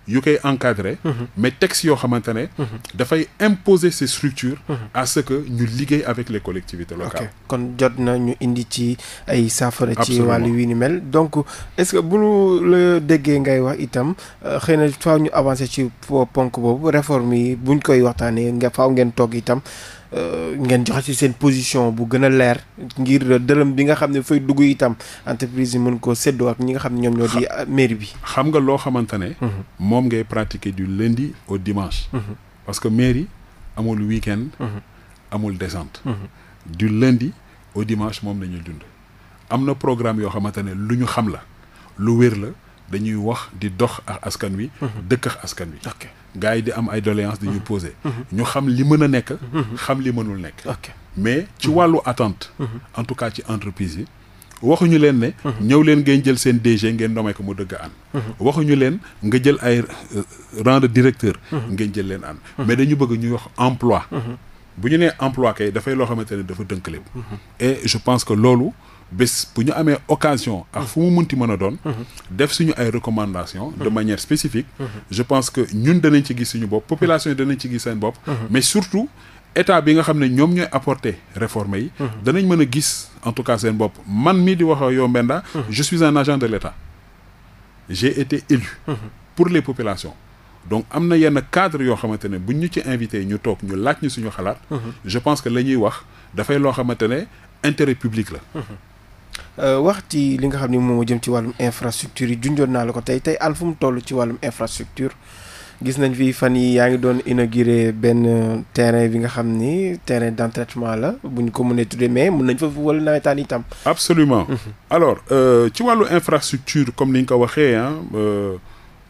yu koy encadrer. Mhm. mais texte yoo xamante ne. Mhm. dafay imposer ces structures. Mhm. à ce que ñu liggéey avec les collectivités locales. kon jot na ñu indi ci ay saafara. ci wàllu wi ni mel donc est-ce que bu ñu la déggee ngay wax itam euh, xëy na faaw ñu avancer ci ponk boobu réforme yi buñ koy waxtaanee nga faaw ngeen toog itam. Euh, ngeen joxe ci seen position bu gën a leer ngir dërëm bi nga xam ne fay dugg itam entreprise yi mën koo séddoo ak ñi nga xam ne ñoom ñoo di mairie bi. xam nga loo xamante ne. Mhm. moom ngay pratiquer du lundi au dimanche. Mhm. parce que mairie amul week-end. Mhm. amul descente. du lundi au dimanche moom la ñuy dund. am na programme yoo xamante ne lu ñu xam la lu wér la dañuy wax di dox ak askan wi. dëkk ak askan wi. gars yi di am ay doléances di ñu mhm. poser mhm. ñu xam li mën a nekk mhm. xam li mënul nekk mais ci wàllu attente en tout cas ci entreprise yi waxuñu leen ne ñëw leen ngeen jël seen DG ngeen nomee ko mu dëgg an waxuñu leen nga jël ay euh, rang de directeur ngeen jël leen an mais dañu bëgg ñuy wax emploi bu ñu nee emploi kay dafay loo xamante ne dafa dënk lépp et je pense que loolu bis bu ñu amee occasion ak fu mu munti mën a doon mhm. def suñu ay recommandation de mhm. manière spécifique mhm. je pense que ñun danañ ci gis suñu bopp population yi danañ ci gis seen bopp mais surtout état bi nga xam ne ñoom ñooy apporter réforme yi danañ mën a gis en tout cas seen bopp man mii di wax ak yow Mbenda je suis un agent de l'état j'ai été élu pour les populations donc am na yenn cadre yoo xamante ne buñ ñu ci invité ñu toog ñu laaj ñu suñu xalaat je pense que la ñuy wax dafay loo xamante ne intérêt public la Euh, wax ci li nga xam ni moom a jëm ci wàllum infrastructure yi junjoon naa la ko tey tey al fu mu toll ci wàllum infrastructure gis nañ fi fan yi yaa ngi doon inauguré benn terrain bi nga xam ni terrain d'entraînement la bu ñu ko mënee tuddee mais mun nañ fa wala nawetaan itam. absolument mhm. alors euh, ci wàllu infrastructure comme ni nga ko waxee ah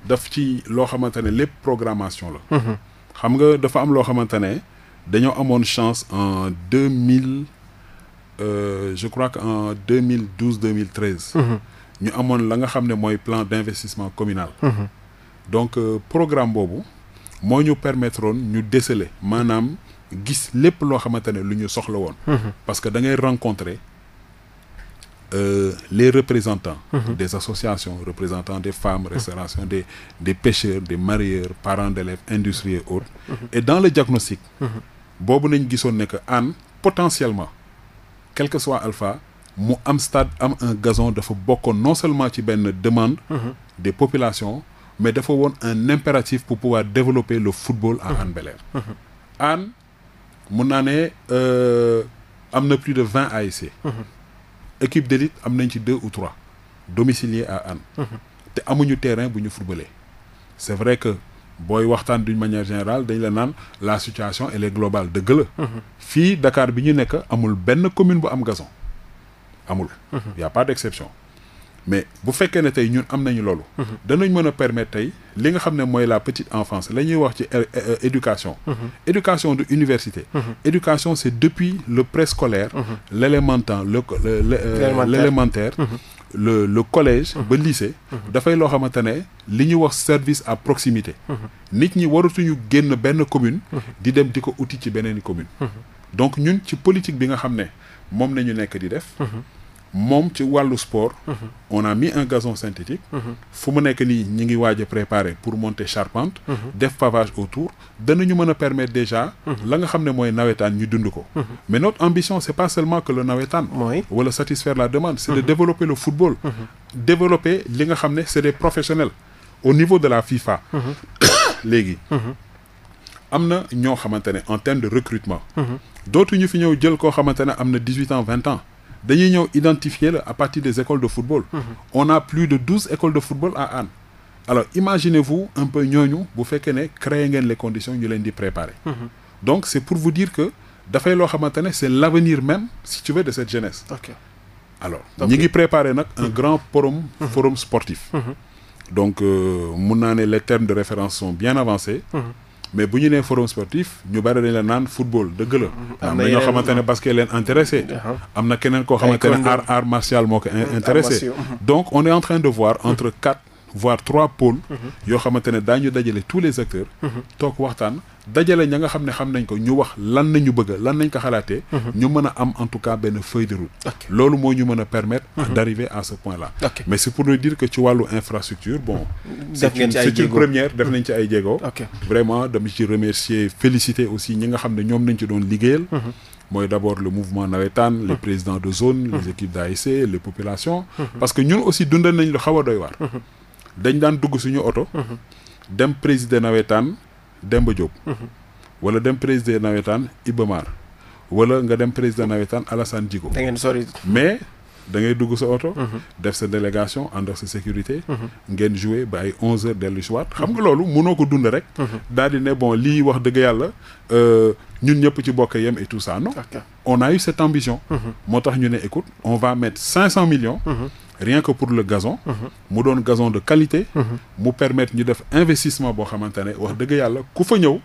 daf ci loo xamante ne lépp programmation la. Mhm. xam nga dafa am loo xamante ne dañoo amoon chance en deux Euh, je crois que en 2012 2013. ñu amoon la nga xam ne mooy plan d'investissement communal. donc euh, programme boobu moo ñu permettroon ñu déceler maanaam gis lépp loo xamante ne lu ñu soxla woon. parce que da ngay rencontrer euh, les représentants. Mmh. des associations représentant des femmes. restauration mmh. des des pêcheurs des mareyeurs parents d'élèves industriels autres. Mmh. et dans le diagnostic. boobu nañ gisoon ne que Hann potentiellement. quel que soit alpha mu am stade am un gazon dafa bokkoon non seulement ci benn demande mhm. des populations mais dafa woon un impératif pour pouvoir développer le football à mhm. Hann Bel-Air mhm. mun naa ne euh, am na plus de vingt ASC équipe d'élite am nañ ci deux ou trois domiciliés à Hann te amuñu terrain bu ñu footballé c'est vrai que booy waxtaan d'une manière générale dañ la naan la situation elle est globale dëgg la. fii Dakar bi ñu nekk amul benn commune bu am gazon amul. Mhm. y a pas d'exception mais bu fekkee ne tey ñun am nañu loolu. Mhm. danañ mën a permettre tey li nga xam ne mooy la petite enfance la ñuy wax ci euh, euh, euh, éducation. Mhm. éducation de université. éducation c'est depuis le préscolaire. l'élémentaire le l'élémentaire. le le collège. Mhm. ba lycée. Mhm. dafay loo xamante ne li ñu wax service à proximité. Mhm. nit ñi waratuñu génn benn commune. di dem di ko uti ci beneen commune. donc ñun ci politique bi nga xam ne moom ñu nekk di def. moom ci wàllu sport. Mhm. on a mis un gazon synthétique. Mhm. fu mu nekk nii ñi ngi waaj a préparer pour monter charpente. Mhm. def pavage autour danañu mën a permettre déjà. la nga xam ne mooy nawetaan ñu dund ko. mais notre ambition c'est pas seulement que le nawetaan. wala satisfaire la demande. c'est de développer le football. développer li nga xam ne c'est des professionnels au niveau de la FIFA. léegi. am na ñoo xamante ne en termes de recrutement. dootuñu fi ñëw jël koo xamante ne am na dañuy ñëw identifier la à partir des écoles de football. Mmh. on a plus de douze écoles de football à Hann. alors imaginez-vous un peu ñooñu bu fekkee ne créer ngeen les conditions ñu leen di préparer. Mhm. donc c'est pour vous dire que dafay loo xamante ne c'est l'avenir même si tu veux de cette jeunesse. ok alors ñi ngi préparer nag un mhm. grand forum. Mhm. forum sportif. donc euh, mun naa ne les termes de référence sont bien avancés. mais bu ñu nee forum sportif ñu bari dañ la naan football dëgg la. Mm-hmm. am na ñoo xamante basket leen intéressé. Uh-huh. am na keneen koo xamante ne art martial moo ko mm-hmm. intéressé. Mm-hmm. donc on est en de voir entre quatre voire trois pôles. yoo xamante daañu dajale tous les acteurs. toog waxtaan. dajale ña nga xam ne xam nañ ko ñu wax lan nañu bëgg lan nañ ko xalaatee mhm. ñu mën a am en tout cas benn feuille loolu moo ñu mën a permettre mhm. d'arriver à ce point là mais c'est pour nous dire que ci wàllu infrastructure bon c'est une c'est une def nañ ci ay jéego vraiment dama ci remercier féliciter aussi ñi nga xam ne ñoom nañ ci doon liggéeyal mhm. mooy d'abord le mouvement nawetaan les présidents de zone les équipes d'ASC les populations parce que ñun aussi dundal nañ lu xaw a doy waar dañ daan dugg suñu oto dem président nawetaan Demba Diop. Mhm. wala dem président nawetaan Iba wala nga dem président nawetaan Alassane Djigo. da ngeen sori mais da ngay dugg sa oto. Mhm. def sa délégation ànd ak sa sécurité. Mhm. ngeen joué ba ay onze dellu si xam nga loolu mënoo ko dund rek. daal di ne bon lii wax dëgg yàlla euh, ñun ñëpp ci bokk yem et tout ça non. on a eu cette ambition. moo tax ñu ne écoute on va mettre cinq cent millions. rien que pour le gazon mu doon gazon de qualité mu permettre ñu def investissement boo xamante ne wax dëgg yàlla ku fa ñëw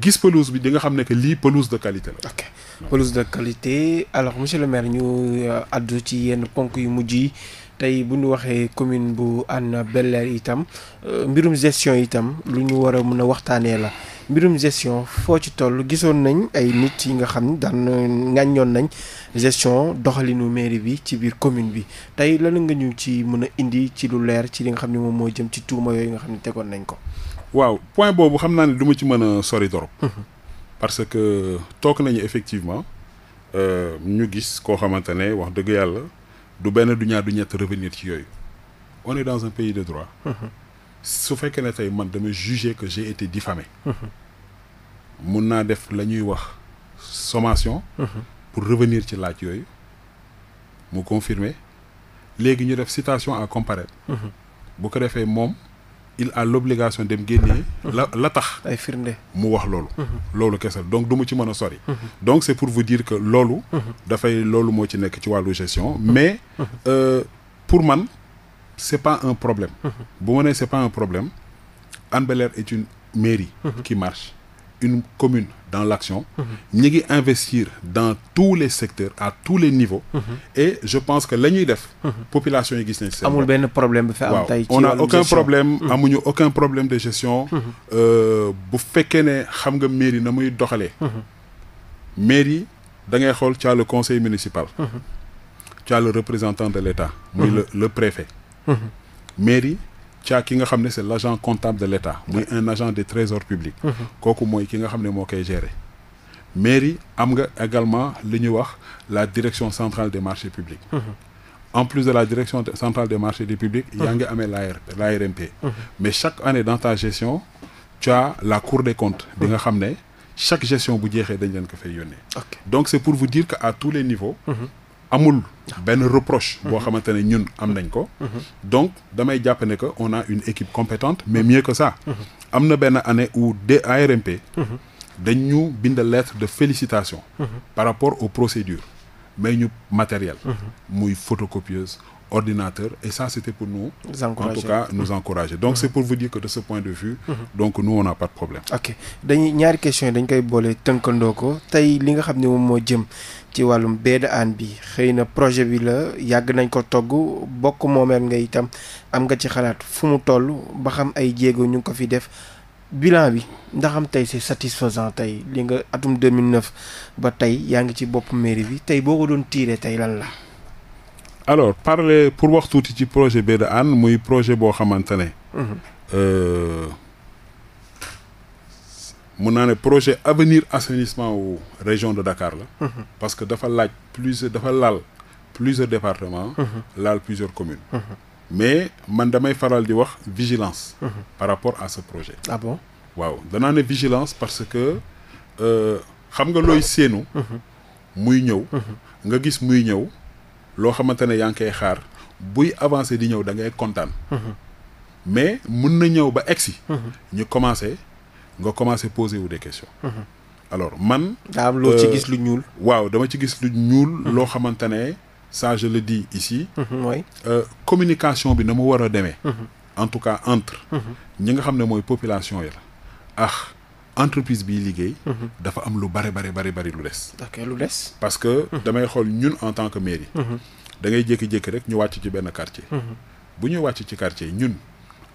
gis pelouse bi di nga xam ne que lii pelouse de qualité la ok pelouse de qualité alors monsieur le maire ñu àddu euh, ci yenn ponk yu mujj yi tey bu ñu waxee commune bu Hann Bel-Air itam euh, mbirum gestion itam lu ñu war a mën a waxtaanee la mbirum gestion foo ci toll gisoon nañ ay nit yi nga xam ne daan ŋàññoon nañ gestion doxalinu mairie bi ci biir commune bi tey lan nga ñu ci mën a indi ci lu leer ci li nga xam ne moom moo jëm ci tuuma yooyu nga xam ni tegoon nañ ko. waaw point boobu xam naa ne du ma ci mën a sori torop mhm. parce que took nañu effectivement euh, ñu gis koo xamante ne wax dëgg yàlla du benn du ñaar du ñett revenir ci yooyu on dans un pays de droit. Mhm. su fekkee ne tey man dama jugé que j'ai été diffamé mhm. mun naa def la ñuy wax sommation mhm. pour revenir ci laaj yooyu mu confirmer léegi ñu def citation à comparaître mhm. bu ko defee moom il a l'obligation dem génnee la la tax ay firnde mu wax loolu loolu kese donc du mu ci mën a sori donc c'est pour vous dire que loolu dafay loolu moo ci nekk ci wàllu gestion mais euh, pour man c'est pas un problème mhm. bu ma nee c'est pas un problème Hann Bel-Air est une mairie mhm. qui marche une commune dans l'action mhm. ñi ngi investir dans tous les secteurs à tous les niveaux et je pense que la ñuy def population yi gis nañ seen amul benn problème bu fi am tey on a aucun problème amuñu aucun problème de gestion euh, bu fekkee ne xam nga mairie na muy doxalee mairie da ngay xool tu as le conseil municipal tu as le représentant de l'État muy le le préfet mairie caa ki nga xam ne c' est l' agent comptable de l' état muy un agent de trésor public mm-hmm. kooku mooy ki nga xam ne moo koy gérer mairie am nga également li ñuy wax la direction centrale de marchés publics mm-hmm. en plus de la direction centrale des marché du public yaa mm-hmm. ngi amee l'ARMP mais chaque année dans ta gestion tu as la cour des comptes bi nga xam ne chaque gestion bu jeexee dañ leen ko fay yónnee donc c' pour vous dire que à tous les niveaux amul benn reproche boo xamante ne ñun am nañ ko donc damay jàpp ne que on a une équipe compétente mais mieux que ça am na benn anne année où DARMP dañu bind lettre de félicitation par rapport aux procédures mais ñu matériel muy photocopieuse ordinateur et ça pour nous en tout cas encourager donc c'est pour vous dire que de ce point de vue donc nous on n'a pas de problème ok dañuy ñaari question yi dañ koy boole tënkandoo ko tey li nga xam ne moom moo jëm ci wàllum baie de Hann bi xëy na projet bi la yàgg nañ ko togg bokk moomeel nga itam am nga ci xalaat fu mu toll ba xam ay jéego ñu ngi ko fi def bilan bi ndax am tey c'est satisfaisant tey li nga atum 2009 ba tey yaa ngi ci bopp mairie bi tey boo ko doon tiire tey lan la. alors parler pour wax tuuti ci projet baie de muy projet boo xamante ne. Mhm. Euh, mun naa ne projet avenir assainissement wu région de Dakar la. Mhm. parce que dafa laaj plusieurs dafa laal plusieurs départements. Mhm. laal plusieurs communes. Mhm. mais man damay faral di wax vigilance. par rapport à ce projet. ah waaw danaa ne vigilance parce que euh, xam nga looy séenu. muy ñëw. nga gis muy ñëw loo xamante ne yaa ngi koy xaar buy avancer di ñëw da ngay kontaan. mais mun na ñëw ba egsi. ñu commencé. nga commencé poser wu des questions. Mhm. alors man. daa am loo ci euh, gis lu ñuul. waaw dama ci gis lu ñuul. Mhm. loo xamante ne ça je le dis ici. mooy mhm, euh, communication bi na mu war a demee. en tout cas entre. ñi nga xam ne mooy population yi la. ah entreprise biy liggéey. dafa am lu bari bari bari bari lu des. ok lu des. parce que damay xool ñun en tant que mairie. da ngay jékki-jékki rek ñu wàcc ci benn quartier. bu ñuy wàcc ci quartier ñun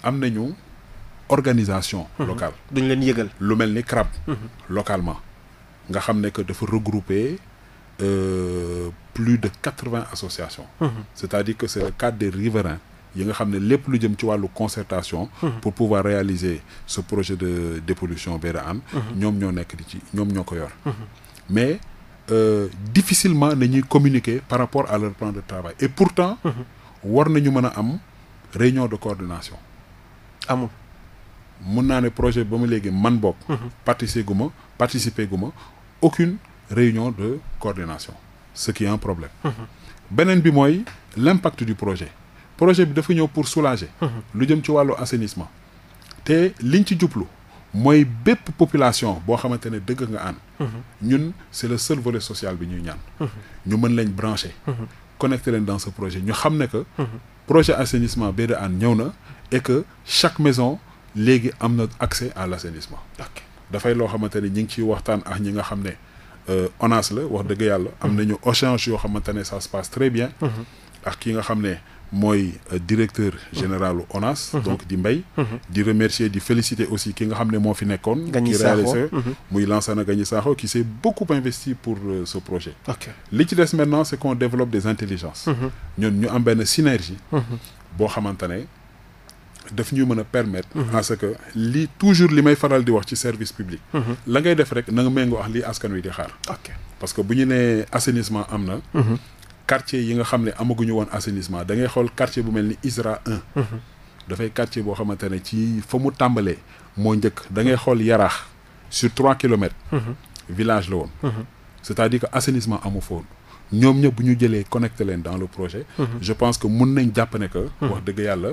am nañu. organisation mhm. locale duñ leen yëgal lu mel ni CRAB mhm. localement nga xam ne que dafa regrouper euh, plus de quatre vingt associations mhm. c'est-à-dire que c'est le cadre des riverains yi nga xam ne lépp lu jëm ci wàllu concertation pour pouvoir réaliser ce projet de dépollution Baie Hann ñoom ñoo nekk di ci ñoom ñoo ko yor mais euh, difficilement nañuy communiquer par rapport à leur plan de travail et pourtant war nañu mën a am réunion de coordination amul mun naa ne projet ba mu léegi man bokk. Mhm. participer gu ma participer gu ma aucune réunion de coordination ce qui est problème. Mhm. beneen bi mooy l'impact du projet. projet bi dafa ñëw pour soulager. Mhm. lu jëm ci wàllu assainissement. te liñ ci jublu mooy bépp population boo xamante ne dëgg nga ànd. ñun c'est le seul volet social bi ñuy ñaan. ñu mën lañ brancher. connecter leen dans ce projet ñu xam ne que. projet assainissement Baie de Hann ñëw na et que chaque maison. léegi am na accès à l' assainissement. dafay loo xamante ne ñi ngi ciy waxtaan ak ñi nga xam ne euh, ONAS la wax dëgg yàlla. am mm-hmm. nañu échange yoo xamante ne ça se passe très bien. Mm-hmm. ak ki nga xam ne mooy euh, directeur mm-hmm. généralu ONAS. donc di mbay. di remercier di féliciter aussi ki nga xam ne moo fi nekkoon. ki réalisé muy Lansana Gagny Sakho qui s'est beaucoup investi pour euh, ce projet. li ci des maintenant c' est qu'on développe des intelligences. ñun ñu am benn synergie. boo xamante ne. daf ñuy a permettre. Mhm. li may faral di wax ci service public. Mhm. la ngay def rek na nga méngoo ak lii askan bu ñu nee assainissement mhm. yi nga xam ne amaguñu woon da ngay xool bu mel ni ISRA 1. dafay quartier boo xamante ne ci fa mu tàmbalee moo njëkk da ngay xool yaraax sur trois kilomètres. village la woon. c'est-à-dire que assainissement amu foon. ñoom ñëpp bu ñu jëlee connecté leen dans le projet. je pense que mun nañ jàpp ne wax dëgg yàlla.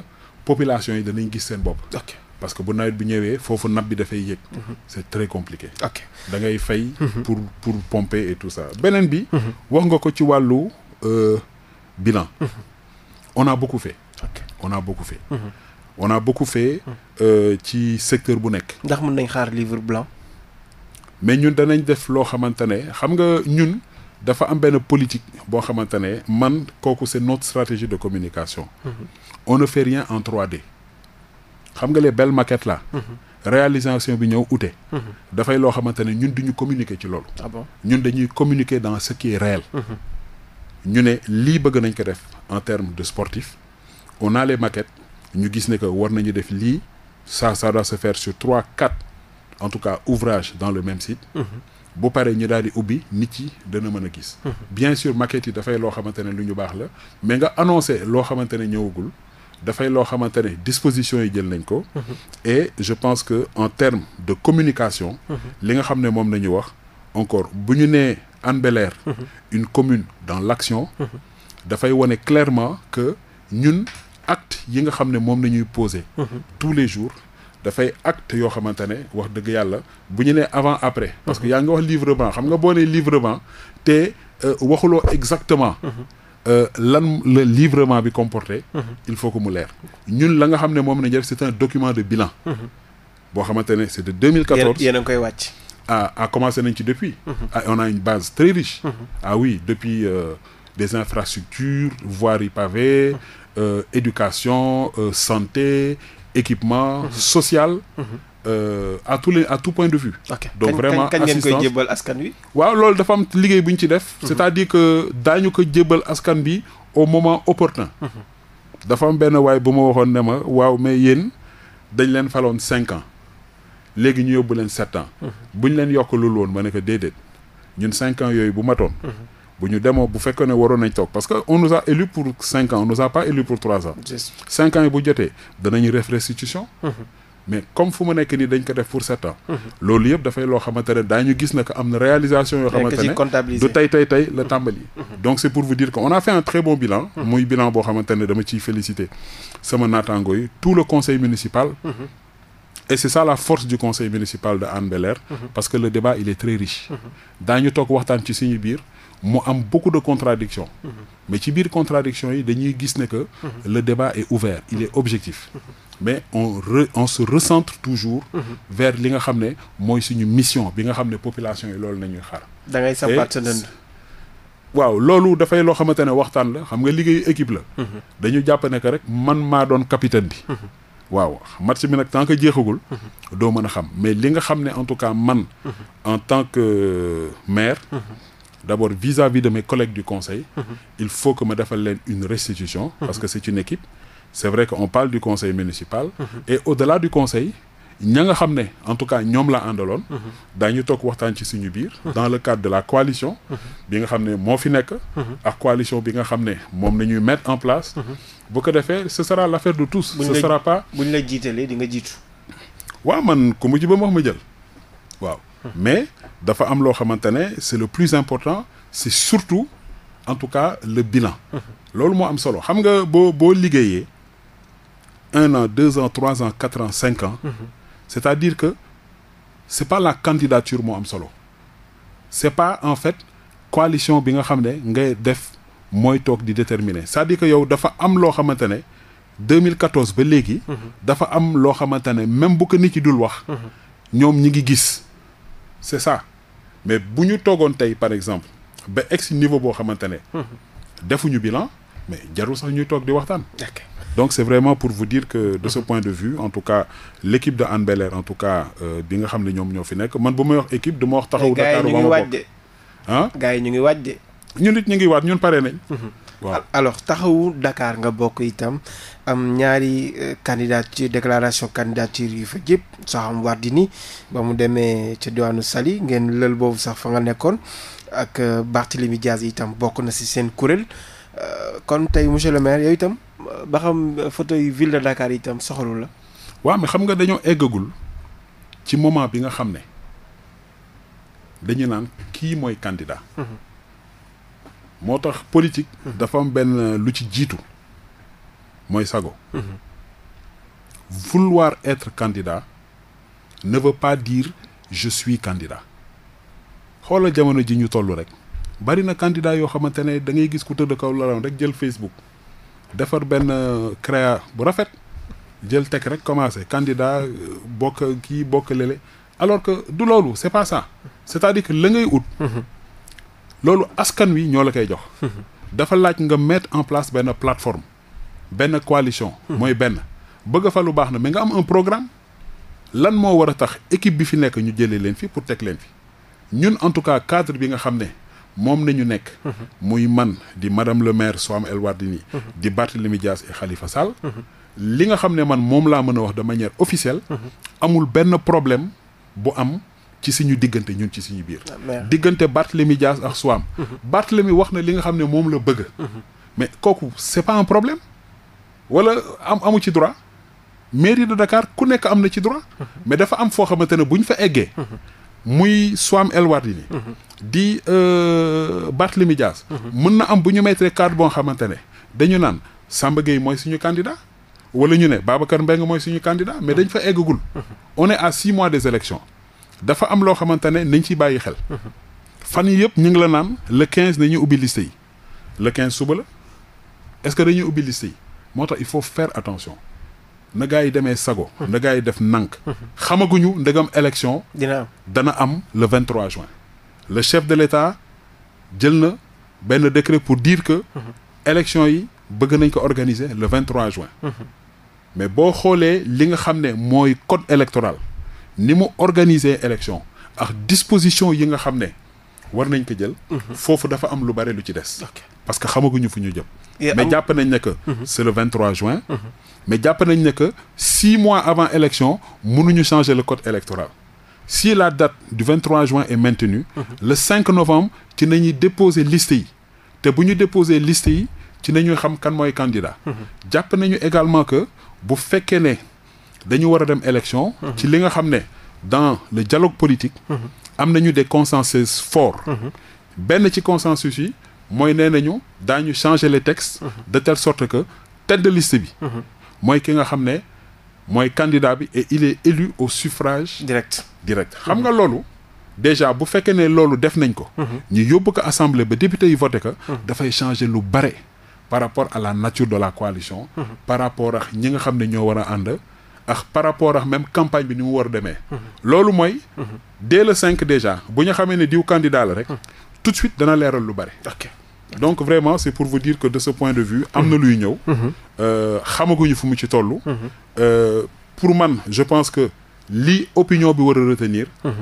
population yi danañ gis seen bopp. ok parce que bu nawet bi ñëwee foofu nappe bi dafay yéeg. Mhm. c'est très compliqué. ok da ngay fay. Mhm. pour pour pomper et tout ça beneen bi. Mhm. wax nga ko ci wàllu euh, bilan. on a beaucoup fait. ok on a beaucoup fait. Euh, ci secteur bu nekk. ndax mun nañ xaar livre blanc. mais ñun danañ def loo xamante ne xam nga ñun. dafa am benn politique boo xamante ne man kooku c'est notre stratégie de communication mmh. on ne fait en trois d xam nga les belles maquettes la mm-hmm. réalisation bi ñëw ute mm-hmm. dafay loo xamante ne ñun duñu communiquer ci loolu ah bon ñun dañuy communiquer dans ce qui est mm-hmm. ñu ne lii bëgg nañ ko def en termes de sportif on a les maquettes ñu gis ne que war nañu def lii sa ça doit se faire sur trois quatre en tout cas ouvrage dans le même site bu paree ñu daal di ubbi nit yi dana mën a gis. Mhm. bien sûr maquette yi dafay loo xamante ne lu ñu baax la mais nga annoncé loo xamante ne ñëwagul dafay loo xamante ne dispositions yi jël nañ ko. Mhm. et je pense que en terme de communication. Mhm. li nga xam ne moom nañu wax encore bu ñu nee Hann bel une commune dans l'action. dafay wone clairement que ñun acte yi nga xam ne moom nañuy poser. tous les jours. dafay acte yoo xamante ne wax dëgg yàlla bu ñu nee avant après. parce que yaa ngi wax livrement xam nga boo nee livrement te euh, waxuloo exactement. Mhm. Euh, lan la livrement bi comporté. Mhm. il faut que mu leer. ñun la nga xam ne moom la ñu def c'est un document de bilan. Mhm. boo xamante ne c'est de 2014 yéen a ngi koy wàcc. ah ah commencé nañ ci depuis. ah on a une base très riche. ah oui depuis euh, des infrastructures voirie pavée. éducation santé équipement mmh. social mhm. euh, à tous les à tout point de vue okay. donc vraiment kañ ngeen koy jébbal askan wi waaw loolu dafa am liggéey bu ñu ci def mhm. c'est-à-dire que daañu ko jébbal askan bi au moment opportun mhm. dafa am benn waay bu ma waxoon ne ma waaw mais yéen dañ leen faloon cinq ans léegi ñu yóbbu leen sept ans bu ñu leen yokkalul woon ma ne ko déedéet ñun cinq ans yooyu bu matoon bu ñu demoo bu fekkee ne waroon nañ toog parce que on nous a élu pour cinq ans on nous a pas élu pour trois ans. cinq ans yi bu jotee danañu def restitution. Mhm. mais comme fu ma nekk nii dañ ko def pour sept mhm. loolu yëpp dafay loo xamante ne daañu gis na que am na réalisation yoo xamante ne du tey tey tey la mhm. tàmbali. donc c'est pour vous dire que on a fait un très bon bilan. muy bilan boo xamante ne dama ciy féliciter sama naataango yi tout le conseil municipal. et c'est ça la force du conseil municipal de que le débat il est très suñu biir. mu am beaucoup de contradictions mhm. mais ci biir contradiction yi dañuy gis ne que mhm. le débat est ouvert il est objectif mhm. mais on re, on se recentre toujours vers li nga xam ne mooy suñu mission bi nga xam ne population yi loolu nañuy xaar da ngay sampaat waaw loolu dafay loo xamante ne waxtaan la xam nga liggéeyu équipe la dañu jàpp ne que rek man maa doon capitaine bi waaw match bi nag tant que jeexagul doo mën a xam mais li nga xam ne en tout cas man en tant que maire d' abord vis-à-vis de mes collègues du conseil mhm. il faut que ma defal leen une restitution mhm. parce que c' est une équipe c' vrai que on parle du conseil municipal mhm. et au-delà du conseil ña nga xam ne en tout cas ñoom la daa ñu toog waxtaan ci suñu biir dans le cadre de la coalition bi nga xam ne moo fi nekk ak bi nga xam ne moom la ñuy mettre en place bu ko defee ce sera l' affaire de tous ce sera pas buñ la jiitalee di nga jiitu waaw man ku mu ji ba ma wax ma jël mais dafa am loo xamante ne c'est le plus important c'est surtout en tout cas le bilan. loolu moo am solo xam nga boo boo liggéeyee un an deux ans trois ans quatre ans cinq ans. c'est-à-dire que c'est pas la candidature moo am solo c'est pas en fait coalition bi nga xam ne ngay def mooy toog di déterminer sa à dire que yow dafa am loo xamante ne 2014 ba léegi. dafa am loo xamante ne même bu ko nit yi dul wax. ñoom ñi ngi gis. c'est ça mais bu ñu toogoon tey par exemple ba ex si niveau boo xamante ne. Mhm. defuñu bilan mais jarul sax ñuy toog di waxtaan. donc c'est vraiment pour vous dire que de ce mhm. point de vue en tout cas l'équipe de Hann bel en tout cas euh, bi nga xam ne ñoom ñoo fi nekk man bu may wax équipe du ma wax. taxawu Dakar ba ma bokk gars ñu ngi waaj de. gars yi ñu ngi waaj ñun it ñu ngi waaj ñun pare nañ. Mhm. waaw alors taxawu Dakar nga bokk itam am ñaari euh, candidature déclaration candidature yi fa jëpp Soham Wardini ba mu demee ca diwaanu sali ngeen lël boobu sax fa nga nekkoon ak euh, Barthélemy yi itam bokk na si seen kuréel euh, kon tey monsieur le maire yow itam ba xam photo yu ville de Dakar itam soxalu la. waaw mais xam nga dañoo eggagul ci moment bi nga xam ne dañu naan kii mooy candidat. Mhm. moo tax politique. dafa benn lu ci jiitu mooy sago. vouloir être candidat ne veut pas dire je suis candidat xoolal jamono ji ñu toll rek bari na candidat yoo xamante ne da ngay gis ku tëdd kaw la rek jël Facebook defar benn euh, créa bu rafet jël teg rek commencé candidat euh, bokk kii bokk lële alors que du loolu c'est pas ça cest à di que la ngay ut. Mhm. loolu askan wi ñoo la koy jox. Hmm. dafa laaj nga mettre en place benn plateforme benn coalition. Hmm. mooy benn bëgg fa lu baax na mi nga am un programme. lan moo war a tax équipe bi fi nekk ñu jëlee leen fi pour teg leen fi ñun en tout cas cadre bi nga xam ne moom nañu nekk. Hmm. muy man di madame le maire Soham El Wardini di Barthélémy Dias et Khalifa Sall. li nga xam ne man moom laa mën a wax de manière officielle. amul benn problème bu am. ci suñu diggante ñun ci suñu biir diggante Barthélemy Dias ak Soham mm-hmm. Barthélemy wax na li nga xam ne moom la bëgg mm-hmm. mais kooku c'est pas un problème wala am amu ci droit mais de Dakar ku nekk am na ci droit mm-hmm. mais dafa am foo xamante ne bu ñu fa eggee muy Soham El Wardini di euh, Barthélemy Dias mën na am bu ñu mettre cadre boo xamante ne dañu naan Samba mooy suñu candidat wala ñu ne Babacar Mbengue mooy suñu candidat mais dañ fa eggagul on à six mois des élections dafa am loo xamante ne nañ ci bàyyi xel. fan yii yëpp ñu ngi la naan le quinze nañu ubbi liste yi le quinze suba la est-ce que dañuy ubbi liste yi moo tax il faut faire attention na yi demee sago. na yi def nank. xamaguñu ndegam élection. dana am le vingt trois juin. le chef de l'État jël na benn décret pour dire que. élection yi bëgg nañ ko organiser le vingt trois juin. mais boo xoolee li nga xam ne mooy code électoral. ni mu organiser élection ak disposition yi nga xam ne war nañ ko jël. Mhm. foofu dafa am lu bare lu ci des. parce que xamaguñu fu ñu jëm. mais jàpp nañ ne que. Mhm. c'est le 23 juin. Mhm. mais jàpp nañ ne que six mois avant élection mënuñu changer le code électoral. si la date du 23 juin est maintenue. le 5 novembre ci nañuy déposer liste yi te bu ñu déposer liste yi ci nañuy xam kan mooy candidat. jàpp nañu également que bu fekkee ne. dañu war a dem élection ci li nga xam ne dans le dialogue politique am nañu des consensus forts benn ci consensus yi mooy nee nañu daañu changer les textes de telle sorte que tête de liste bi mooy ki nga xam ne mooy candidat bi et il est élu au suffrage direct direct xam mhm. nga loolu déjà bu fekkee ne loolu def nañ ko mhm. ñu yóbbu ko assemblée ba député yi voté ko mhm. dafay changer lu bare par rapport à la nature de la coalition par rapport ak ñi nga xam ne ñoo war a ànd ak par rapport ak même campagne bi ni mu war a demee. loolu mooy. dès le cinq déjà bu ñu xamee ne diw candidat la rek. tout de suite dana leeral lu bari. ok donc vraiment c'est pour vous dire que de ce point de vue. am na luy ñëw. Mhm. Euh, xamaguñu fu mu ci toll. Mhm. Euh, pour man je pense que li opinion bi war a retenir. Mhm.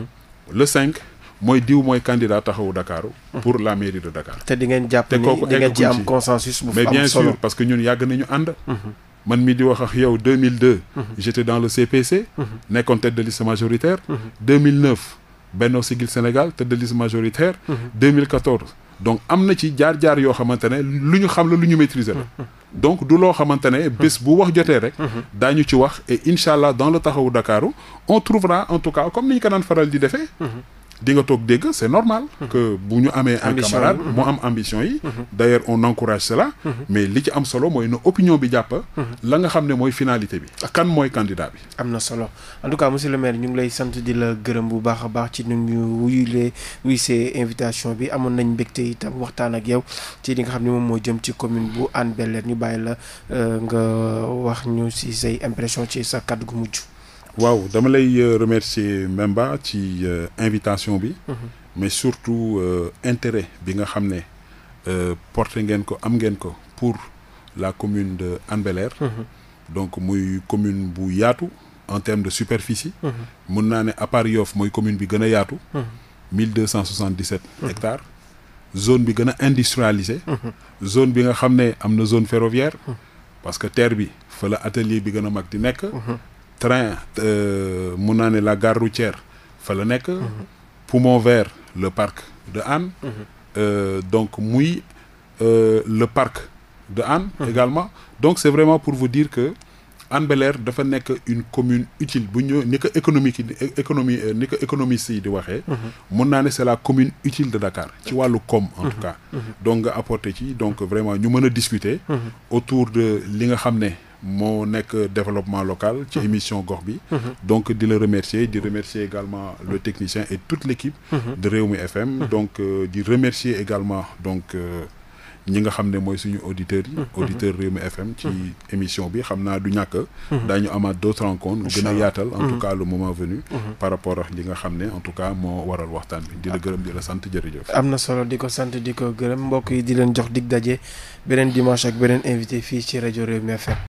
le cinq. mooy diw mooy candidat taxawu Dakar. pour la mairie de Dakar. te di ngeen jàpp ni di ngeen ci am consensus. bu am solo mais bien sûr parce que ñun yàgg nañu ànd. man mi di wax ak yow 2002. Mhm. j'étais dans le CPC. Mhm. nekkoon tête de liste majoritaire. 2009 mhm. Benno Siggil Sénégal tête de liste majoritaire. 2014 donc am na ci jaar jaar yoo xamante ne lu ñu xam la lu ñu maîtriser la. donc du loo xamante ne bés bu wax jotee rek. daa ñu ci wax et incha allah dans le taxawu Dakar on trouvera en tout cas comme ni ñu ko daan faral di defee. di nga toog dégg c'est normal mhm. que bu ñu amee un camarade am ambition yi mhm. d'ailleurs on encourage cela mhm. mais li ci am solo mooy na opinion bi jàpp la nga xam ne mooy finalité bi kan mooy candidat bi am na solo en tout cas monsieur le maire ñu ngi lay sant di la gërëm bu baax a baax ci nu ñu wuyulee wuy see invitation bi amoon nañ mbégte itam waxtaan ak yow ci li nga xam ne moom moo jëm ci commune bu Hann bel ñu bàyyi la euh, nga wax ñu si say impression ci sa kàddu gu mujj waaw dama lay euh, remercier Mbemba ci euh, invitation bi. Mhm. mais surtout euh, intérêt bi nga xam ne porte ngeen ko am ngeen ko pour la commune de Hann bel mhm. donc muy commune bu yaatu en termes de superficie. Mhm. mun naa ne à part Yoff mooy commune bi gën a yaatu. 1277 hectares. zone bi gën a industrialisée. zone bi nga xam ne am na zone ferroviaire. parce que terre bi fa la atelier bi gën a mag di nekk. train euh, mun naa ne la gare routière fa la nekk. Mhm. poumon vert le park de Hann. donc muy le parc de Hann. Mhm. Euh, euh, mhm. également donc c' est vraiment pour vous dire que Hann bel dafa nekk une commune utile bu ñu ni ko économique économie ni ko économiste yi di waxee. mun naa ne c' est la commune utile de Dakar ci wàllu koom. en tout cas donc nga apporter ci donc vraiment ñu mën a discuter. autour de li nga xam ne. moo nekk développement local ci émission gox bi donc di la remercier di remercier également le technicien et toute l'équipe de Rewmi FM donc euh, di remercier également donc euh, ñi nga xam ne mooy suñu auditeurs yi auditeur Rewmi FM ci émission bi xam naa du ñàkk daañu amaat d'autres rencontres gën a yaatal en tout cas le moment venu par rapport ak li nga xam ne en tout cas moo waral waxtaan bi di la ah. gërëm di la sant jërëjëf am na solo di ko sant di ko gërëm mbokk yi di leen jox dig daje beneen dimanche ak beneen invité fii ci rajo Rewmi